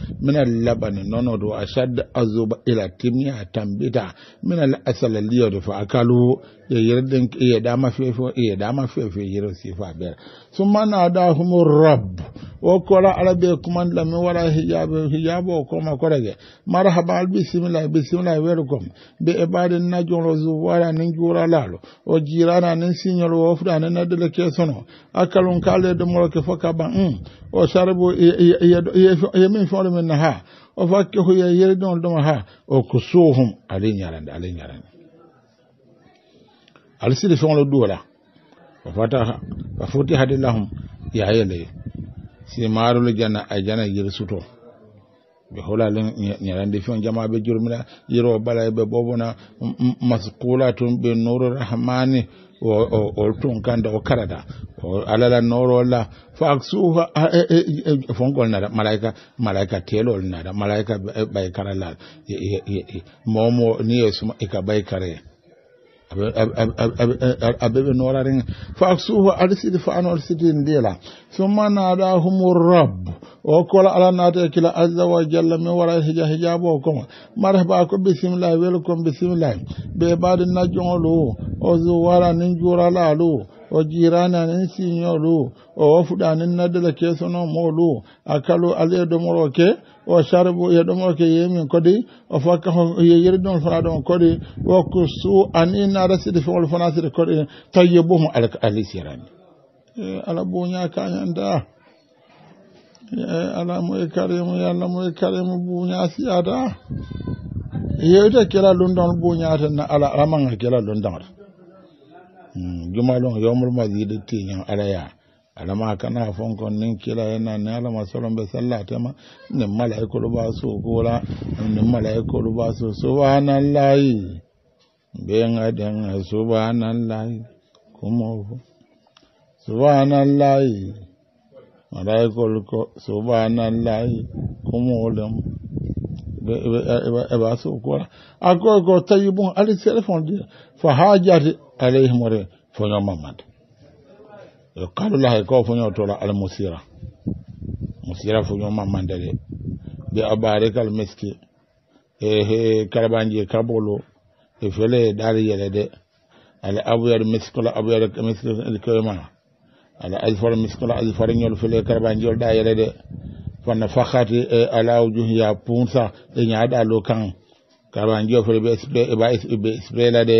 laban nono do ashad azuba ila timni atambida min asal liyo do fa akalu ye yerden ye dama fefe ye dama fefo yero sifa ber da nadahum rabb o kora arabe kuma da mi wara hijabe hijabo ko ma korage marhaba bismillah bismillah welcome be ebade na joro zuwara nin jura lalo o jirana nin sinyoro o fudana na dele sono akalun kale da de ke foka ba um o sarbo ye min foro min na ha o fakke ho ye yerdon dum ha o kusuhum alin yaran alin yaran alisiri ala sili feŋolo duwola wa futihat lahum yahayelayi si maarolu janna ay jana yiri suto ɓe holalen ñarandi feŋ jama ɓe jurmina yiro bala ɓe ɓoɓona maskula tun ɓe nuru rahmani o tun kanda o karata o alala norolla fa aksuha e, e, e, fonkol nata malaika malaika telol nada malaika ɓay karalal momo niyo suma ika ɓay aɓeɓe norarenga fa aksuhu aɗa sidi fa an oɗa sidi ndila summa naɗahumu rabbu o kola ala naata e kila azza wa jalla min wara hija hijabu o koma marhaba ko bisimillahi welkom bisimillahi ɓe ɓaade najjongol o o zuwara nin juuralalu o jirana jirananen siñolu o wofuɗanin naddele kesono molu a kalu ala e ɗomoro ke o sarbu e ɗomoro ke yemin kodi o fakka ye ɗon fana ɗon kodi wokku su ani nara siɗi feŋol fana siɗi kodi taye bomo alaka ali sirani e, ala buña kañanda e, ala moye karemu yalla moye karemu buña siyata yewte kela lundaŋol buñata na ala alamaŋa kela lundaŋata Mm, jumalon yi masjidi tiyan araya alama kana fonkon nin kila yana ne alama solon bai salla tema nin malaikolu ba su kula nin malaikolu ba su subhanallahi ben adan subhanallahi kuma subhanallahi malaikolu ko subhanallahi kuma olam ba su kula akwai ko tayyibun alisirfon fa hajati alayhimore foño mamad yo kalulahay ko foño tola almusira musira foño mamande de be abarikal miski ehe karabanji kabolo e fele dari yele de ala abuyar miskola abuyar miskola koyma ala azfar miskola azfar ñol fele karabanji yol da de fanna fakati e ala wujuh ya punsa e nyaada lo kan karabanji yol fele be be be la de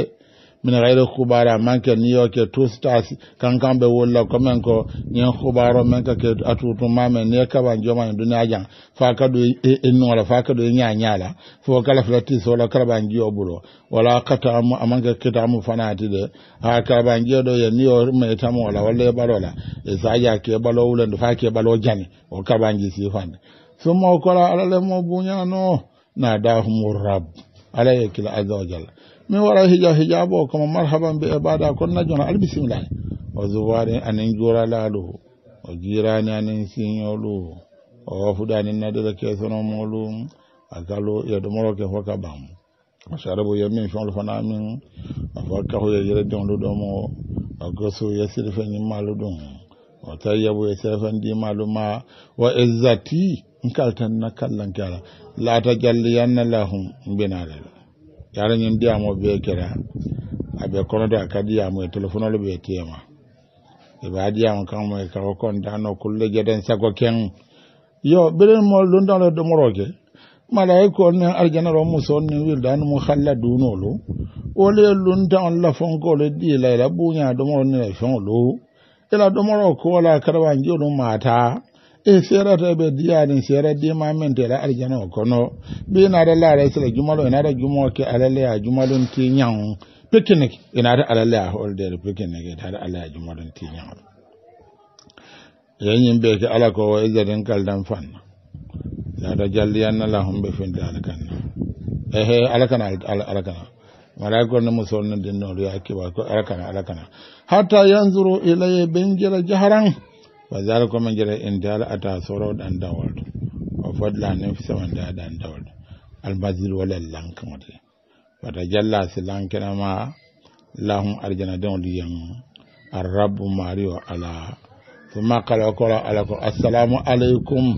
min gayre hubara manke new york e two stars kankan ɓe wolla komin ko ñin hubaro min ka ke atutuma men ni kaɓan jomani duniya jan fa kadu innola fa kadu ñañala fo kala flati sola karaɓan jiyo ɓuro wala katamu amanke kitamu fanati de ha karaɓan jiyo ɗo ye niyo maytamola walla e ɓalola e saja ke ɓalo wulende fa ke ɓalo jani o karaɓan na dahumur rab ala ye kila min wara hija hijabo o marhaban be ibada konna jona albisimillahi o zuwari anin juralaɗo o jirani anin siñolu o wafuɗe anin nadira kesono muɗum a galo yeɗo moroke hoka bam o sarabo yemin feŋol fana min afo kahuye yere deŋlu ɗomo o ya ye sirfe ñimmalu ɗum o tayyabu ye sirfen malu ma wa izzati n na kallan kala la tajalliyanna lahum mbinalal yaro ñin diyamo bee kera aɓe konoto a ka diyamo e téléphone olo ɓe tema eɓe a diyamo kanmo e kako contano kulle jeten sago ken yo ɓeɗen mo lundalo domoroke malaika on nen arjana ɗo muso on nen wirdani mo halla dunolo wole lunta on lafonkolo ɗila ela ɓuña domoro nena feŋolo ela domoro ko wala karawanji oɗum mata e sera e be dia ni sera di ma men de tera aljana o kono la re sila jumalo e na jumo ke alale a jumalon ti ñaw ina e inata alale ya a holdere pikiniki tata ala a jumalon ti ñaw yin be ke ala ko wa izarin kaldan fanna tata jalliyanna lahum ɓe finde alkanna ehe alkana alkana malaikon mu sonnin no ya ke ba ko alkana alkana hatta yanzuru ilay bin jara jaharan wa kuma jira jara in dala ata soro dan dawal wa fadla ne fisa saman da dan dawal al bazil wala lankan wata wata jalla silankina ma lahum arjana don diyan arrabu mariyo ala thumma kala kola ala ko assalamu aleykum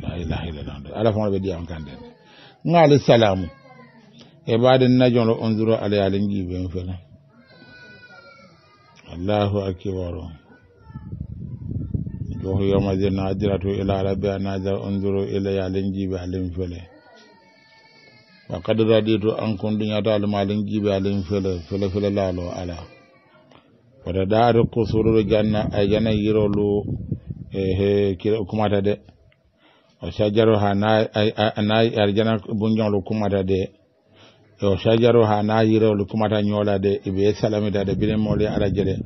la ilaha illallah ala fama ɓe ɗiyan kande ngal salam e baɗen najono on zuro alayalin jiɓen fena allahu akbar ɗo yawmadin nadiratu ila rabbiha nadar unzuru ilayya alen jiiɓe alen fele wa qad raditu an kun dunya ɗuñata alum alen jiiɓe alen fele fele fele lalo ala wata daari kusururu janna ay jana yirolu e kumata de o sajaro ay nayi arjana bunjolu kumata de yo sajaro ha na yirewol salami da da salamitade binemole arajede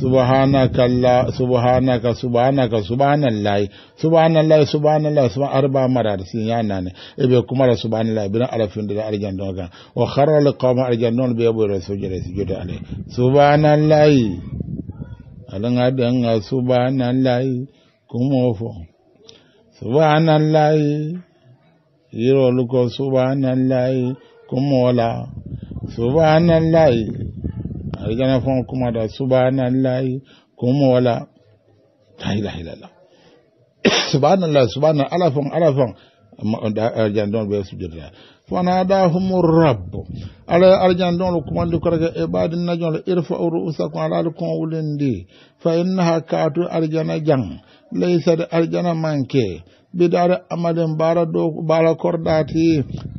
subhanakalla subhanaka subhanaka subhanallahi subhanallahi subhanallahi suba arba marade si yanane eɓe da subhanallahi bina ala findede arjanno kan o arjan qawma arjannon ɓe ɓoyre sojere si jode ale subhanallahi alaga ga subhanallahi kuma fo subhanallahi yirolu ko subhanallahi kumola subhanallahi arigana fon kuma da subhanallahi kumola la ilaha illallah (coughs) subhanallah subhanallah ala fon ala fon aljandon ɓe sujudata fanadahum rabbo ala aljandonlo kumandi korake e ɓaadi najonlo irfau ala alaali kon wulindi fa innaha kaatu aljana jan laysat aljana manke bidare amaden bara do bara kordati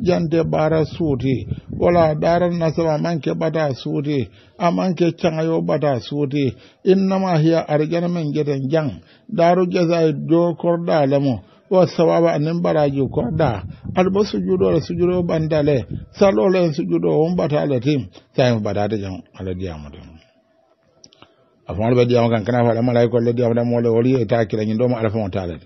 jande bara suti wala daran nasaba manke bada suti amanke cangayo bada suti inna ma hiya arjana men geden jang daru jazai do kordalemo wa sawaba anin baraji korda alba sujudo la sujudo bandale salo la sujudo on bata la tim tay mo bada de jang ala diamu amudan afon be diamu kan kana fa la malaiko le diamu amudan mo le wali ta kila nyindo ma ala fon talade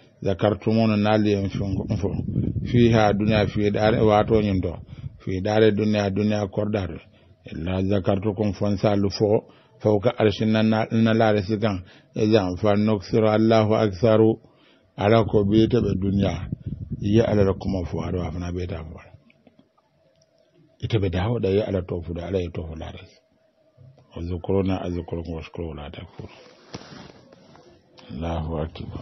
zakartumono nali en fi ha duniya fi wato watoñin to fi dare duniya dunya korɗato illa zakartukum kon fon sallu fo fawka na nalaare sikan e jam fa noksiro allahu aksaru ala ko be dunya ya ala kuma fo aɗo afana ita fo dawo da yi ala tofude ala ye tofolaare o zukuruna a zukurun waskuro wala takfuru allahu akbar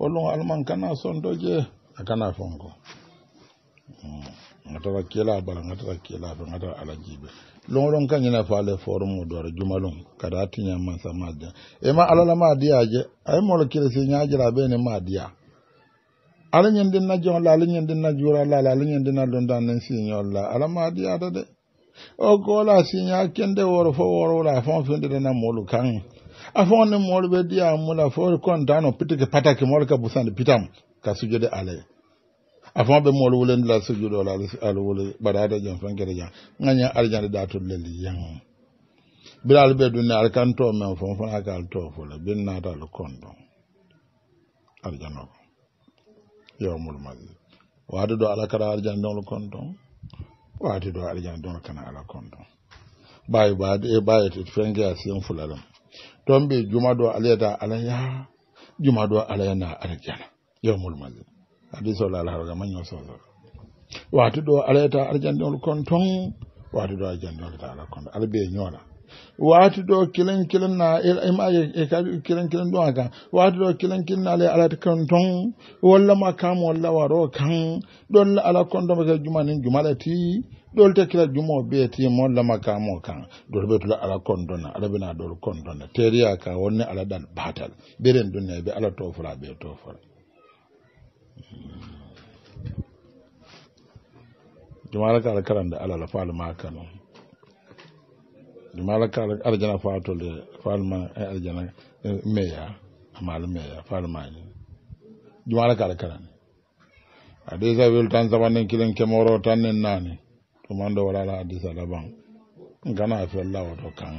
holɗum alman kana son doje a kana fonko hmm, gatata kela bala gatata kela fe gatata alajiɓe longolon kañina faale forumu dore jumalum kada tiñamman samadia ema alala ma diyaje ay molo kirisi ñajira ɓeni ma diya ala ñandin na la ala ñandin na la ala ala ñandin na dondanen la ala ma da de o ko la goola siña kende woro fo worowla fon findidana molu kan afon ni moolu ɓe ɗiya mula fo kontano pitike patake mɔri ka busande pitam ka ale sujode alaye afon ɓe la wulendila sujudola ala wule ɓaɗade jom fenkere jam gaña aljande datulleli yan bilal ɓe ɗumne ala da to men fon fona ka al to fole bin nata ala kondo arjanoko yawmul masjid waade do ala kada arjane ɗon lo kondo waade ɗo arjane ɗon kana ala kondo bawi baade e bawi fenke a siyen fulalam don ɓe juma do alaya alaya na arjana yawmul masjid hadis ola alharaga maño do alaya ta arjana arjandiol kon ton watu ɗo arjandiol ta ala kon Albe ɓe ñoola watu do kilen kilen na imaje e, e, e, e kaɗi kilen kilen don aka kan do ɗo kilen kilen na alaya alata kon ton walla ma kam walla waro kan don ala kon ɗo ɓe juma nin jumalati ɗol tekira jumo beetimo lama ka mo kan dol betula ala kondona alabina dol kondona teriya ka wonne ala dal batal ɓeren dunne ɓe ala tofora ɓe tofora jumalaka ala karande alala falma kano jumalaka ala arjana fatole falma arjana meya amal meya falmani jumalaka ala karande a déjà weltan sabanen kilen kemoro tan nen nani kumando warala addis ababan ngana fella wato kan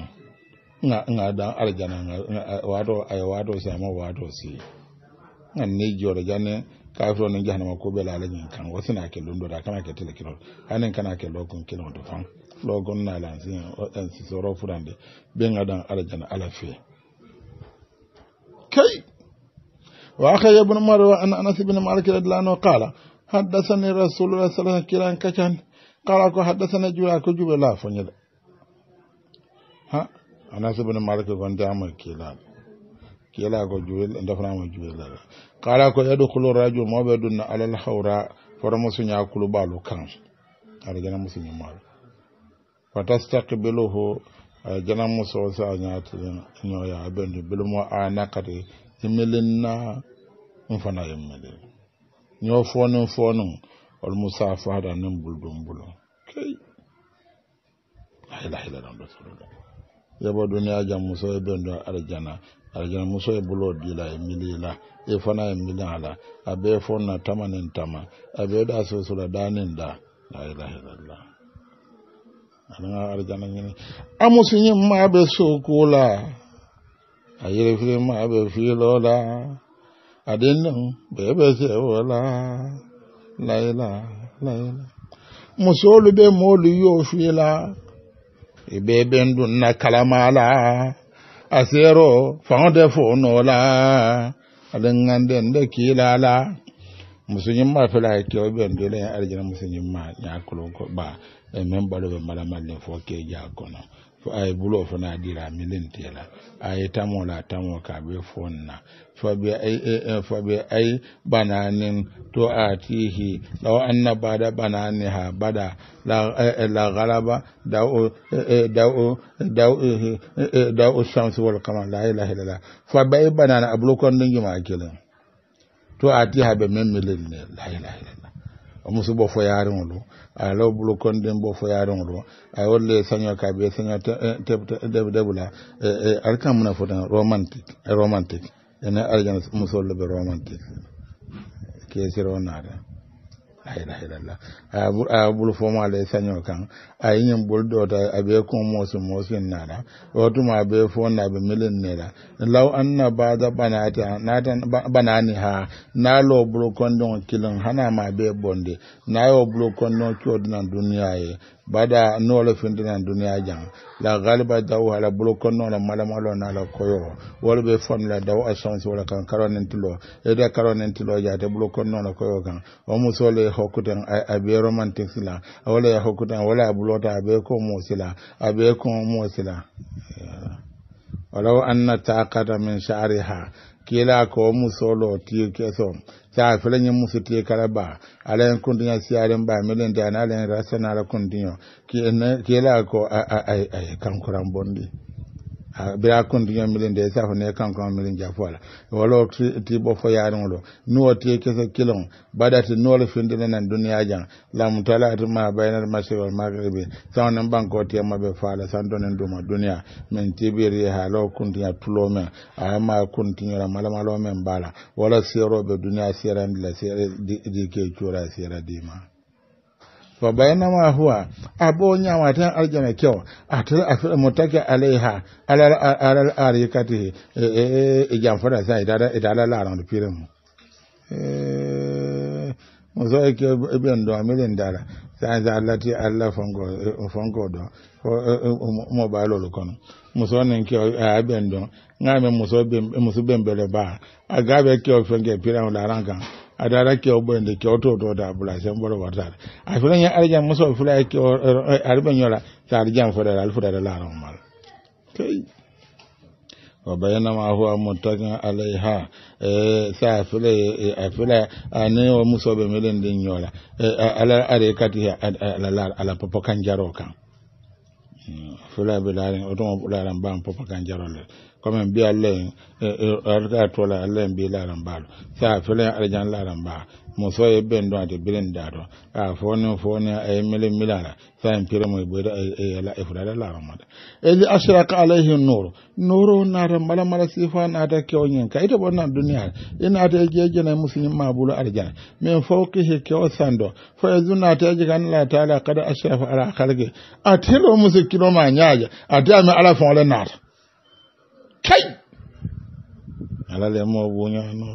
nga nga da aljana nga wato ay wato sai ma wato si nga ne jore jane kafiro ni jahannama ko be la nyin kan wasu na ke londo da kana ke tele kilo hanin kana ke logon kilo to fan logon na lan sin dan si soro furande be nga dan aljana ala fi kai wa akha ibn marwa an anas ibn malik radhiyallahu anhu qala حدثني رسول الله صلى الله عليه وسلم كلا كشان قال أكو حدثنا جوا أكو جوا لا فنيلا ها أنا سبنا مالك عن دعم كيلان كيلا أكو جوا دفنا ما جوا لا قال أكو يدو كل راجو ما بدون على الخورا فرمسون يا كل بالو كان على جنا مسون مال فتستقبله جنا مسون سانيات نويا بند بلمو أنا كري يملنا من فنا يملنا نيو فونو فونو wal musafa da nan buldun bulun kai lahilahila dan la. yaba duniya jan muso ye don do arjana arjana muso ye bulo dila ye mili la e fana ye mili a la a bɛɛ tama ni tama a bɛɛ da sosola danin da la anin ka arjana ɲini a musu ɲin maa bɛ soko la a yirifili maa bɛ filo la a den bɛɛ bɛ se o la láyélá láyélá musolu be molu yofila ibe ben dun na kalamala asero fande fonola adan ngande nde kilala musunyin ma fila ke ben dole arjina musunyin ma ya kulo ko ba men balo be malamal ne fo ke ja kono fo ay bulo fo na dira milin tela ay tamola tamo ka be fonna Fa fabi'ai bananin to a tihi lau anna bada ha bada la eh, eh, galaba da'u eh, shamsu wal kamar la ilaha illallah fabi'ai banana abulukon dingi ma akilin to a tiha be men milin ne la ilaha illallah omusu bo fo yarin wulu a law bulu bo fo yarin wulu a wolle saño ka be saño debula alkan muna fotan romantique romantique ene arjana musolle ɓe romantique kesiro naata hayla haylallah a ɓol fomo ala e saño kan a yiñin ɓol ɗota aɓe kon mosu moosin naata o tuma aɓe fonna aɓe milin nela law anna bada banati natan banani ha na naalo ɓolo konɗon kilin ma aɓe bonde na nayo ɓolo konɗon coodinan duniya ye bada nola duniya jan la galiba daw ala bulu konno la na la koyo wala be fam la daw assurance wala kan karon nen karon te la koyo kan o muso le a be sila wala ya wala bulota be ko ko anna taqata min sha'riha kila ko muso keso saa felañin musitiye kala ba ala en kontiña siyaren ba milen dana ala en rasana ala kontiño kiyela ko aye kankuran bondi bira kundiŋo miliŋ de isafo ne kankaŋo milin jafo la wala ti tiibo fo yaariŋo do niŋ wo tiye kese kiliŋo la niŋ wolu nan duniya jan jaŋ lamutalaati ma baynal masiri wal magribi saŋo banko bankoo ma be la santo niŋ duma duniya meŋ tiibiiri ye halo lao kuntiŋa tuloo meŋ a ye maa kuntiŋo la malamaloo meŋ baa wala seeroo be duniyaa seerandi la seera dikee cuura a seera wa bainama huwa abonya wata aljana kyau atar asir mutaka alaiha alal alal arikati e e e, e jamfara sai idala idala laran da firin mu eh mo so e ke ibn do amilin dara sai za Allah ti Allah fongo fongo do mo ba lo kono mo so nen ke abendo ngame mo so be mo so bembele ba agabe ke o fenge pira laran kan a dara ke obo inda ke oto to da abula sen ɓoɗo wartade a fula ñe ara jam muso fula ke arɓe ñola ta ara jam fodere al fudere laron mal kai wa bayanama huwa muttakin alayha sa a fila a ne wa o musoɓe milin din ñola ala are kati ala ala popo kan jaro kan hmm, fula ɓe laren otomo ɓularan ban popo jaro le comme mbiya allah e, e, tola allah mbi laran mbaɗo sa felen arjan laran mba muso ye ɓen ɗon ate birin daɗo a foni foni a milin milara sain piremo ɓoyde yala e fulade laran maɗa eji ashraka alayhi nuru nuru nata mala mala sifa nata kewñen ka ita ɓonnan duniya inata e jejene musiñim mabulo arjana min fawqihi kewo sando fo e dunateji kan allah taala kada ashrafa ala a halqi atelo musi kiloma ñaaja ate ami ala fonle naata kai alalemo mo wonya no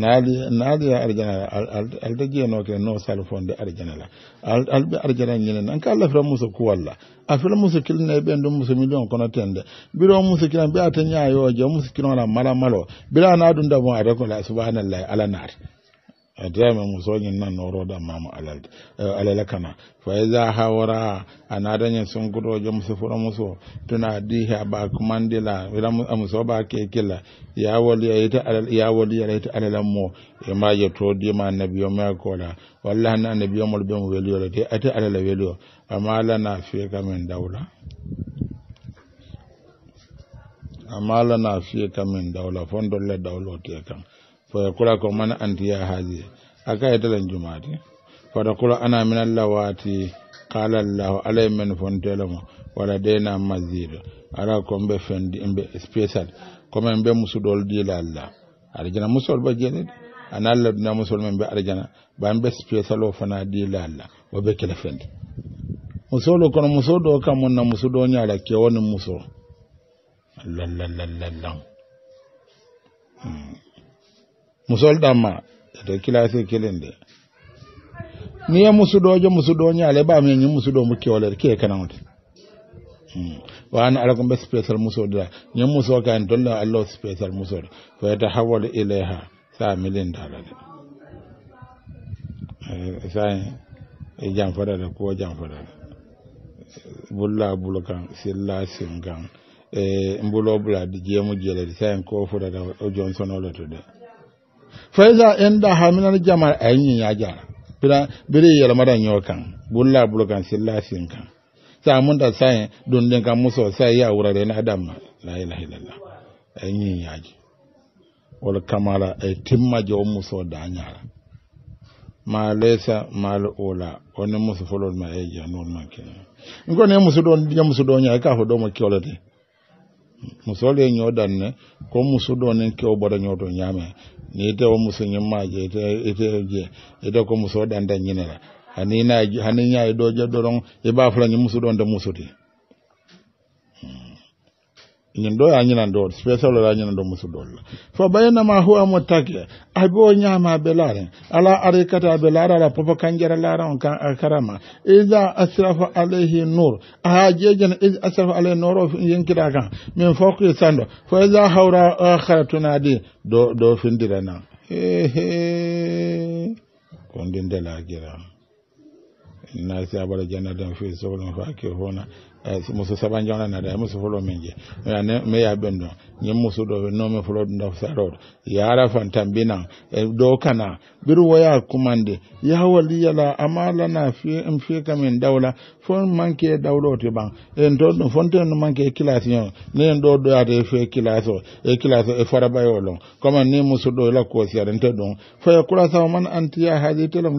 naali naali arjana al dagiye no ke no sal de arjana la al bi arjana nyene nan ka fra musa ko walla a musa kil ne be ndo muso million kono tende biro muso kilne be atanya yo je musa muso la mala malo bila na dunda mo ada ko la subhanallahi ala nar atiyame musoñin nan noroɗa mama alal eh, alalakana kana fa ida hawara a nadañin sunkutojo muso fura muso tuna dihe aba kumandila wira muso ba kekilla yawoliya ita alal ya ita alalan mo ema yettodima annabiyo me kola walla na annabiyo mol ɓe mo weliyola te ate alala weliyo amma lana fiye kamin daula amma lana fiye kamin daula fon dolle dawlo te kan fayo kula ko mana antiya haji a kaye talan jumaati fada kula ana min allawati qala allah alay men fontelo mo wala dena mazid ara ko mbe fendi mbe special ko men be musudol di la allah ara jana musol ba jene ana allah dina musol men be ara jana ba mbe special o fana di la allah o be kala fendi musolo ko no musodo kam na musudo nyaala ke woni muso lalalalalam hmm. musol dama ɗamma eto kilasi kilin de ba mi nyi musu do mu ñin ke mo kewolere hmm. wa kanawde alakum bas special musu da musoɗira musu muso kani dolɗo allah special spécial fa fayata hawole ileyha sa milin da milindalade eh, sai e jam fara da ko jam fadata bulla bulo kan silla singan e mbulo bula jemu jele sai ko da o johnson oloto de faiza inda haminar jamar ayin ya jara bire yalmara yau kan bulla bulkan sillasin kan samun da sayin dundin kan musu sai ya wurare na adam la ilaha illallah ayin ya ji wal kamala ay timma jo muso da anyara ma lesa mal ola wani musu folon ma ay janun man kenan ngone musu don dia musu don ya ka ho do ma kiolate Musole ye ñoo dan ne ko musu ɗo nin kewo bota do nyame ni ite wo musu je ite ite je ite ko muso ɗanta ñinira ani na ani ñaayi ɗo je ɗoron i ɓa fula ñi musu ɗon te musuti ñin ɗo ya ñinan ɗo spécial ola ñinan ɗo musuɗol la fo baynama huwa mottake abo ñama be laaren ala ari kata be laara ala popo kanjara laara on kan a karama ida asrafa alayhi nour aha jeejana id asrafa alayhi nour o yenkira kan min fokki sando fo ida hawra akhara tunadi he ɗo findirana la gira nasi abara janadan fi sohlon fakir Eh, muso sabanjɔn na da musu fɔlɔ min je mɛ y'a bɛn dɔn ñiŋ musu do ɓe noome fulo dafsaroto yara bina e dow kana biri woya kumande ya waliyala ama lana n fiye kamin dawla fon manke dawlo ti ban en to ɗum fonte no manke e kilasi ñon ni en do ɗoyata e fe kilaso e kilaso e bayo lon comme ni musu do la siare nte ɗum ya kula sa man antiya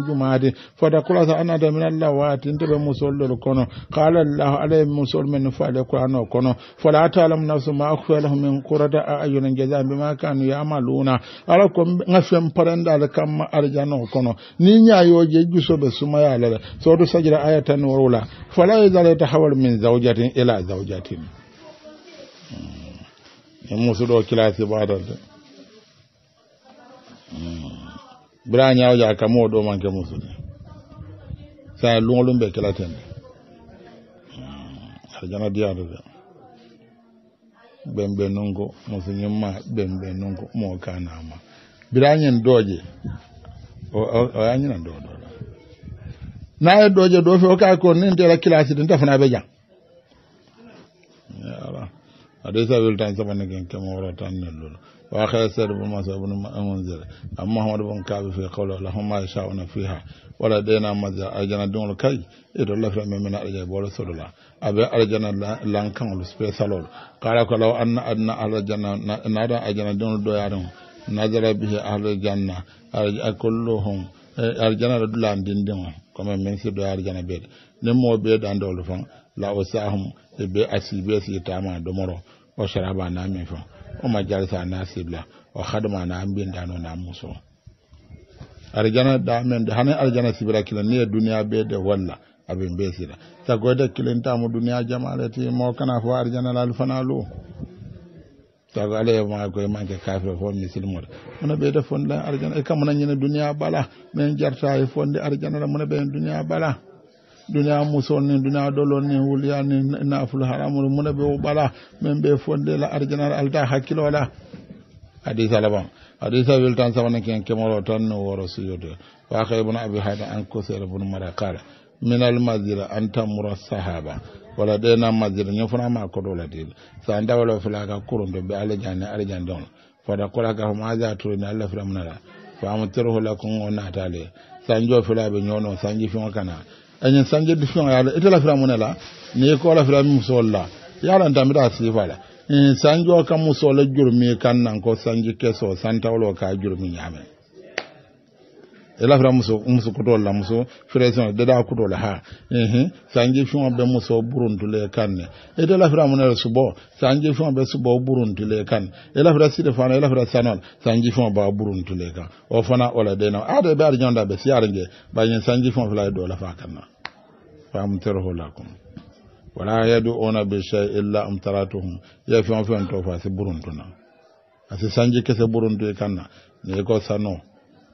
jumaade fo da kula sa anata min allah waati nte ɓe musolɗol kono qala llahu ala e musol men fo ale kurano kono ta talam nafsu ma akfalahum min kurata a ayunan jaza bi ma kanu ya maluna ala ko nga fem paranda ala kam arjano kono ni nya yo je juso be suma ya la so do sajira ayatan warula fala yadala tahawal min zawjatin ila zawjatin en hmm. musu do kilasi badan de hmm. bira nyawo ja kamo do manke musu sa lungo lumbe kilaten arjana diado de hmm. benbenungo musuñimma benbenungo mo kanama birañin dooje o yañinan doo doola naye dooje doo fe o kaa ko nin tera kilasi ɗin tefana ɓe jang adai sa wil tan saban ngin ke mo wara tan nan wa khaysar bu masa ibn munzir am muhammad ibn kab fi qawli allahumma sha'una fiha wala dayna madza ajana kai ido la fa min alja bo rasulullah abe aljana lan kan lu special lolu qala ko law anna aljana da ajana dun do janna akulluhum aljana eh, din din ko men si do aljana be ne mo be dan do lu fa lawusahum be asibe silitama domoro o sharaba na min fa o majalisa na sibla o khadma na an dano na muso arjana da men da arjana ne duniya be da walla abin be sira mu duniya jama'ati mo kana fa arjana lal fanalu ma ko man ke kafir fo mun be da arjana e kam nan ne duniya bala men jarta e fonde arjana mun be duniya bala duniya musol ni duniya dolol ni wuliya ni naful haramul mune be bala men be fonde la arjanar alta hakilo la hadisa laban hadisa wil tan wonen ken kemoro tan no woro siyode wa khaybun abi hada an kusayr ibn marakara min al mazira anta tamura sahaba wala de na mazira ni fona ma ko dola de sa ndawlo wala fila ka kurun be ala janne ala jan don fa da kula ka ma za to ni allah fira munala fa amtiru lakum wa natale sanjo fila be nyono sanji fi kana enyin sanje difin ya da ita fira mun la ne ko lafira mun so la ya ran da si fala in sanjo ka mun so la jurmi kan nan ko sanje keso santawlo ka jurmi elafra muso muso kuto la muso freson de da kuto la ha eh sanje fun be muso burundu le kanne e de fira mun el subo sanje fun be subo burundu le kan elafra sire fana elafra sanol sanje fun ba burundu le o fana ola de na ade be arjon da be siarnge ba yin sanje fun fla do la fa kanna fam tero holakum wala yad'una bi shay'in illa amtaratuhum ya fi on fi on to fa burundu na asi sanje kese burundu e kanna ne ko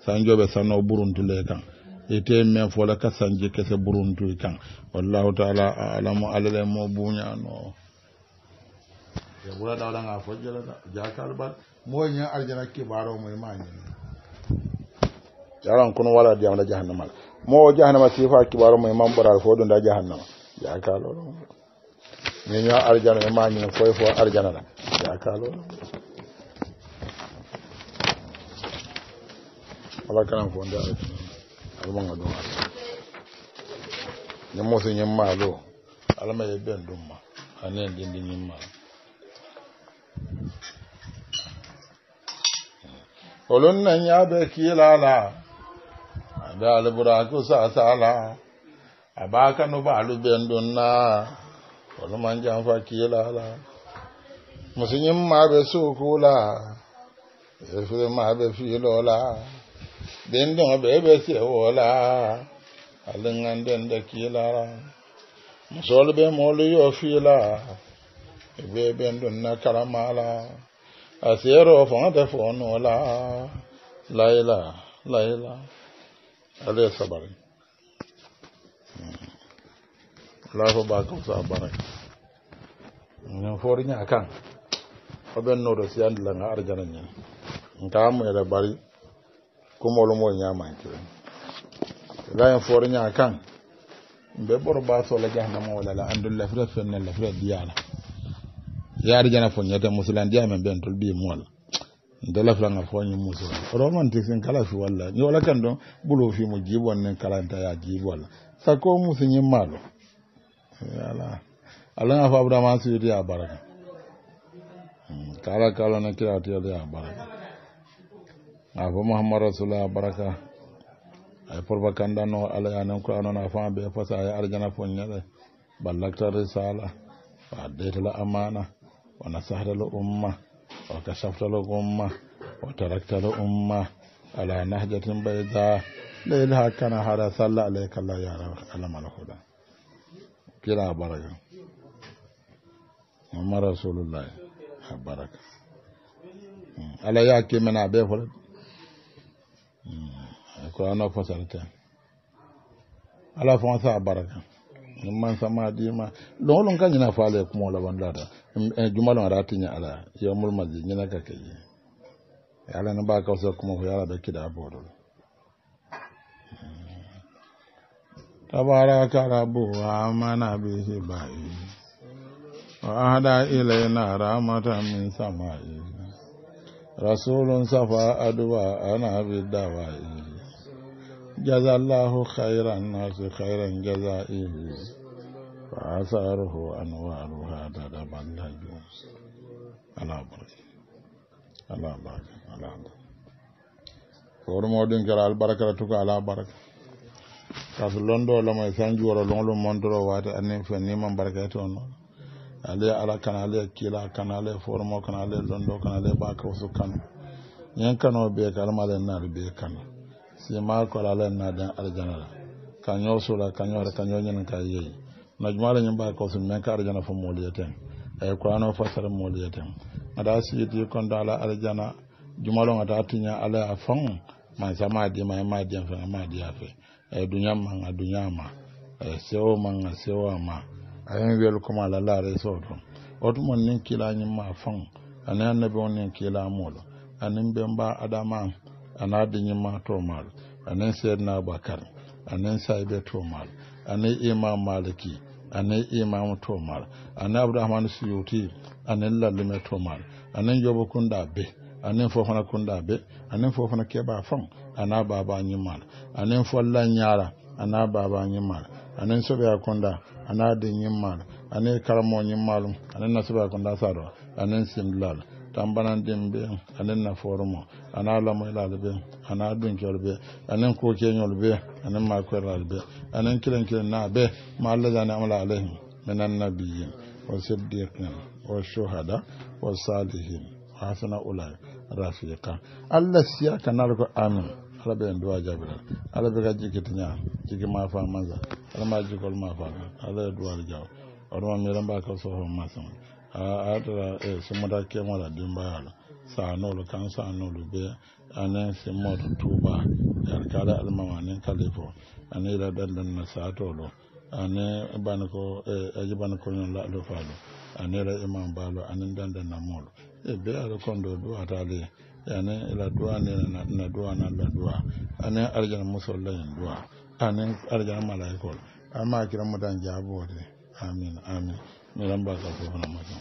Sanjo be sanno buruntule kan ite men fola ka sanji kese buruntuy kan wallahu taala alamu alala mo buñano e ɓura ɗawɗanga mo nya aljana ke baro mo imani jaran kun wala diyamla jahannama mo jahannama sifa kibaro moye man ɓoral fo ɗum da jahannama jakaloɗo min ni nya aljana imani foye fo arjana la jakaloɗo cikin wala kanan ko nda almanga ɗum ala ñammoto ñammaalo alama ye ɓen ɗumma hanen ɗindi ñimma olon nan yaɓe kiilala aɓe alburako sasala aɓa kano baalu ɓen ɗum na oluman janfa kiilala musi ñimmaɓe suukula e fire maɓe fiilola den don be be se wola alingan den da kila musol be molu yo fila be ben don na karamala asero fon da fon wala laila laila ale sabari hmm. lafo ba ko sabari ne fori nya kan oben no do si andla nga arjana nya ntamu ya bari kumolu mo ñamanke gayen foore ña kan mbe ɓoro basola jahnama walala andol lafira fenne lafira diyala yaari jana fo ñete musilandiya men ɓen tol ɓi moola nde lafiranga foñi muso romantique sen kala fi walla ñi wala kan ɗon ɓulo fimo jiibon kala kalanta ya jiibo walla sakko muso ñimmaɗo ala alaga fo abdama suwiti ya baraka hmm, kala kalone ya ako muhammad rasulullah baraka ay propaganda no ala ya nan qur'ano na fa be fasa ay arjana fonya da ballakta risala fa adaita la amana wa nasahta la umma wa kashafta la umma wa tarakta la umma ala nahjatin bayda la ilaha kana hada salla alayka allah ya alam al huda kila baraka muhammad rasulullah baraka ala ya ke mena be fulad ko ano fasalta ala fanga sa baraka man sama dima don olon kan ina fale kuma la lada da eh, jumalon rati nya ala ya mulma ji ina ka kai ala na ba ka so kuma ko ala da kida bodo hmm. tabaraka rabbu wa amana bihi ba'i wa ilai ilayna rahmatan min sama'i رسول صفى أدواء أنا بالدوائي جزى الله خير الناس خيرا جزائه فأثاره أنوارها تدب الله على بركة على بركة على بركة فور مودين كرا البركة تك على بركة كاس لندو لما يسانجو ورا لونلو مندرو واتي أني فني من بركة تونو ale ala kana ale kila kana ale formo kana ale londo kana ale bakawsu kanu ñen kano be ka alamaden na be kanu sima kola ale naaden aljana la ka kañoo sula ka kañoo ñenen ka yeyi najumala ñin bakawsu men ka aljana fo mooliyeten eyi kurano fasara mooliyeten aɗa siiti kondo ala aljana jumalo ŋata tiña ala a faŋ man sama di ma m'a diyan fe ma diya fe e dunya ma ma dunya e a duñama e sewo ma a sewo ma ayen welu kuma la laare soto mon nin kilañin ma an ani annabi on nin kila molo anin ɓe mba adama ma to mal an tomaɗo anin na bakar to mal an anin imam maliki anin imam an anin abdourahmane suyuti to mal an anin jobo kunda be anin fofana kunda be anin fofana keɓa fan ana baba ñimmaɗo anin yara ñara ana baba an anin so a kunda ana den a ani karamo ñimmalum ani nasiba ko ndasaro anin sindulal tambanandin be anin naforumo ana lamoylal be ana dunkol be koke kokeñol be anin makoyrlal be anin kilen kilen na be ma allahjani amala alayhim min annabiyin wa siddiqin wa shuhada wa salihin wa hasana ulai rafiqa allah siya kanar ko amin ala ɓe en duwa jaɓiral ala ɓe ka jiki ma fa manza ala ma jikol ma fa ala e duwal jaw mi ramba ka ma so a atara e sumuta sa no lo kan sanolu ɓe anen simmoto tuba yarkala almama anen kalifo ane ila dan na lo ane ban ko e, aji ban ko ñon fa lo ane ila imam baalo dan dan na molo e ɓe ala kondo le yani ila duwa ne na duwa na la duwa ane arjan musol la yin duwa ane arjana malaikol amma kiran mu dan jabo de amin amin miran ba ka ko na mata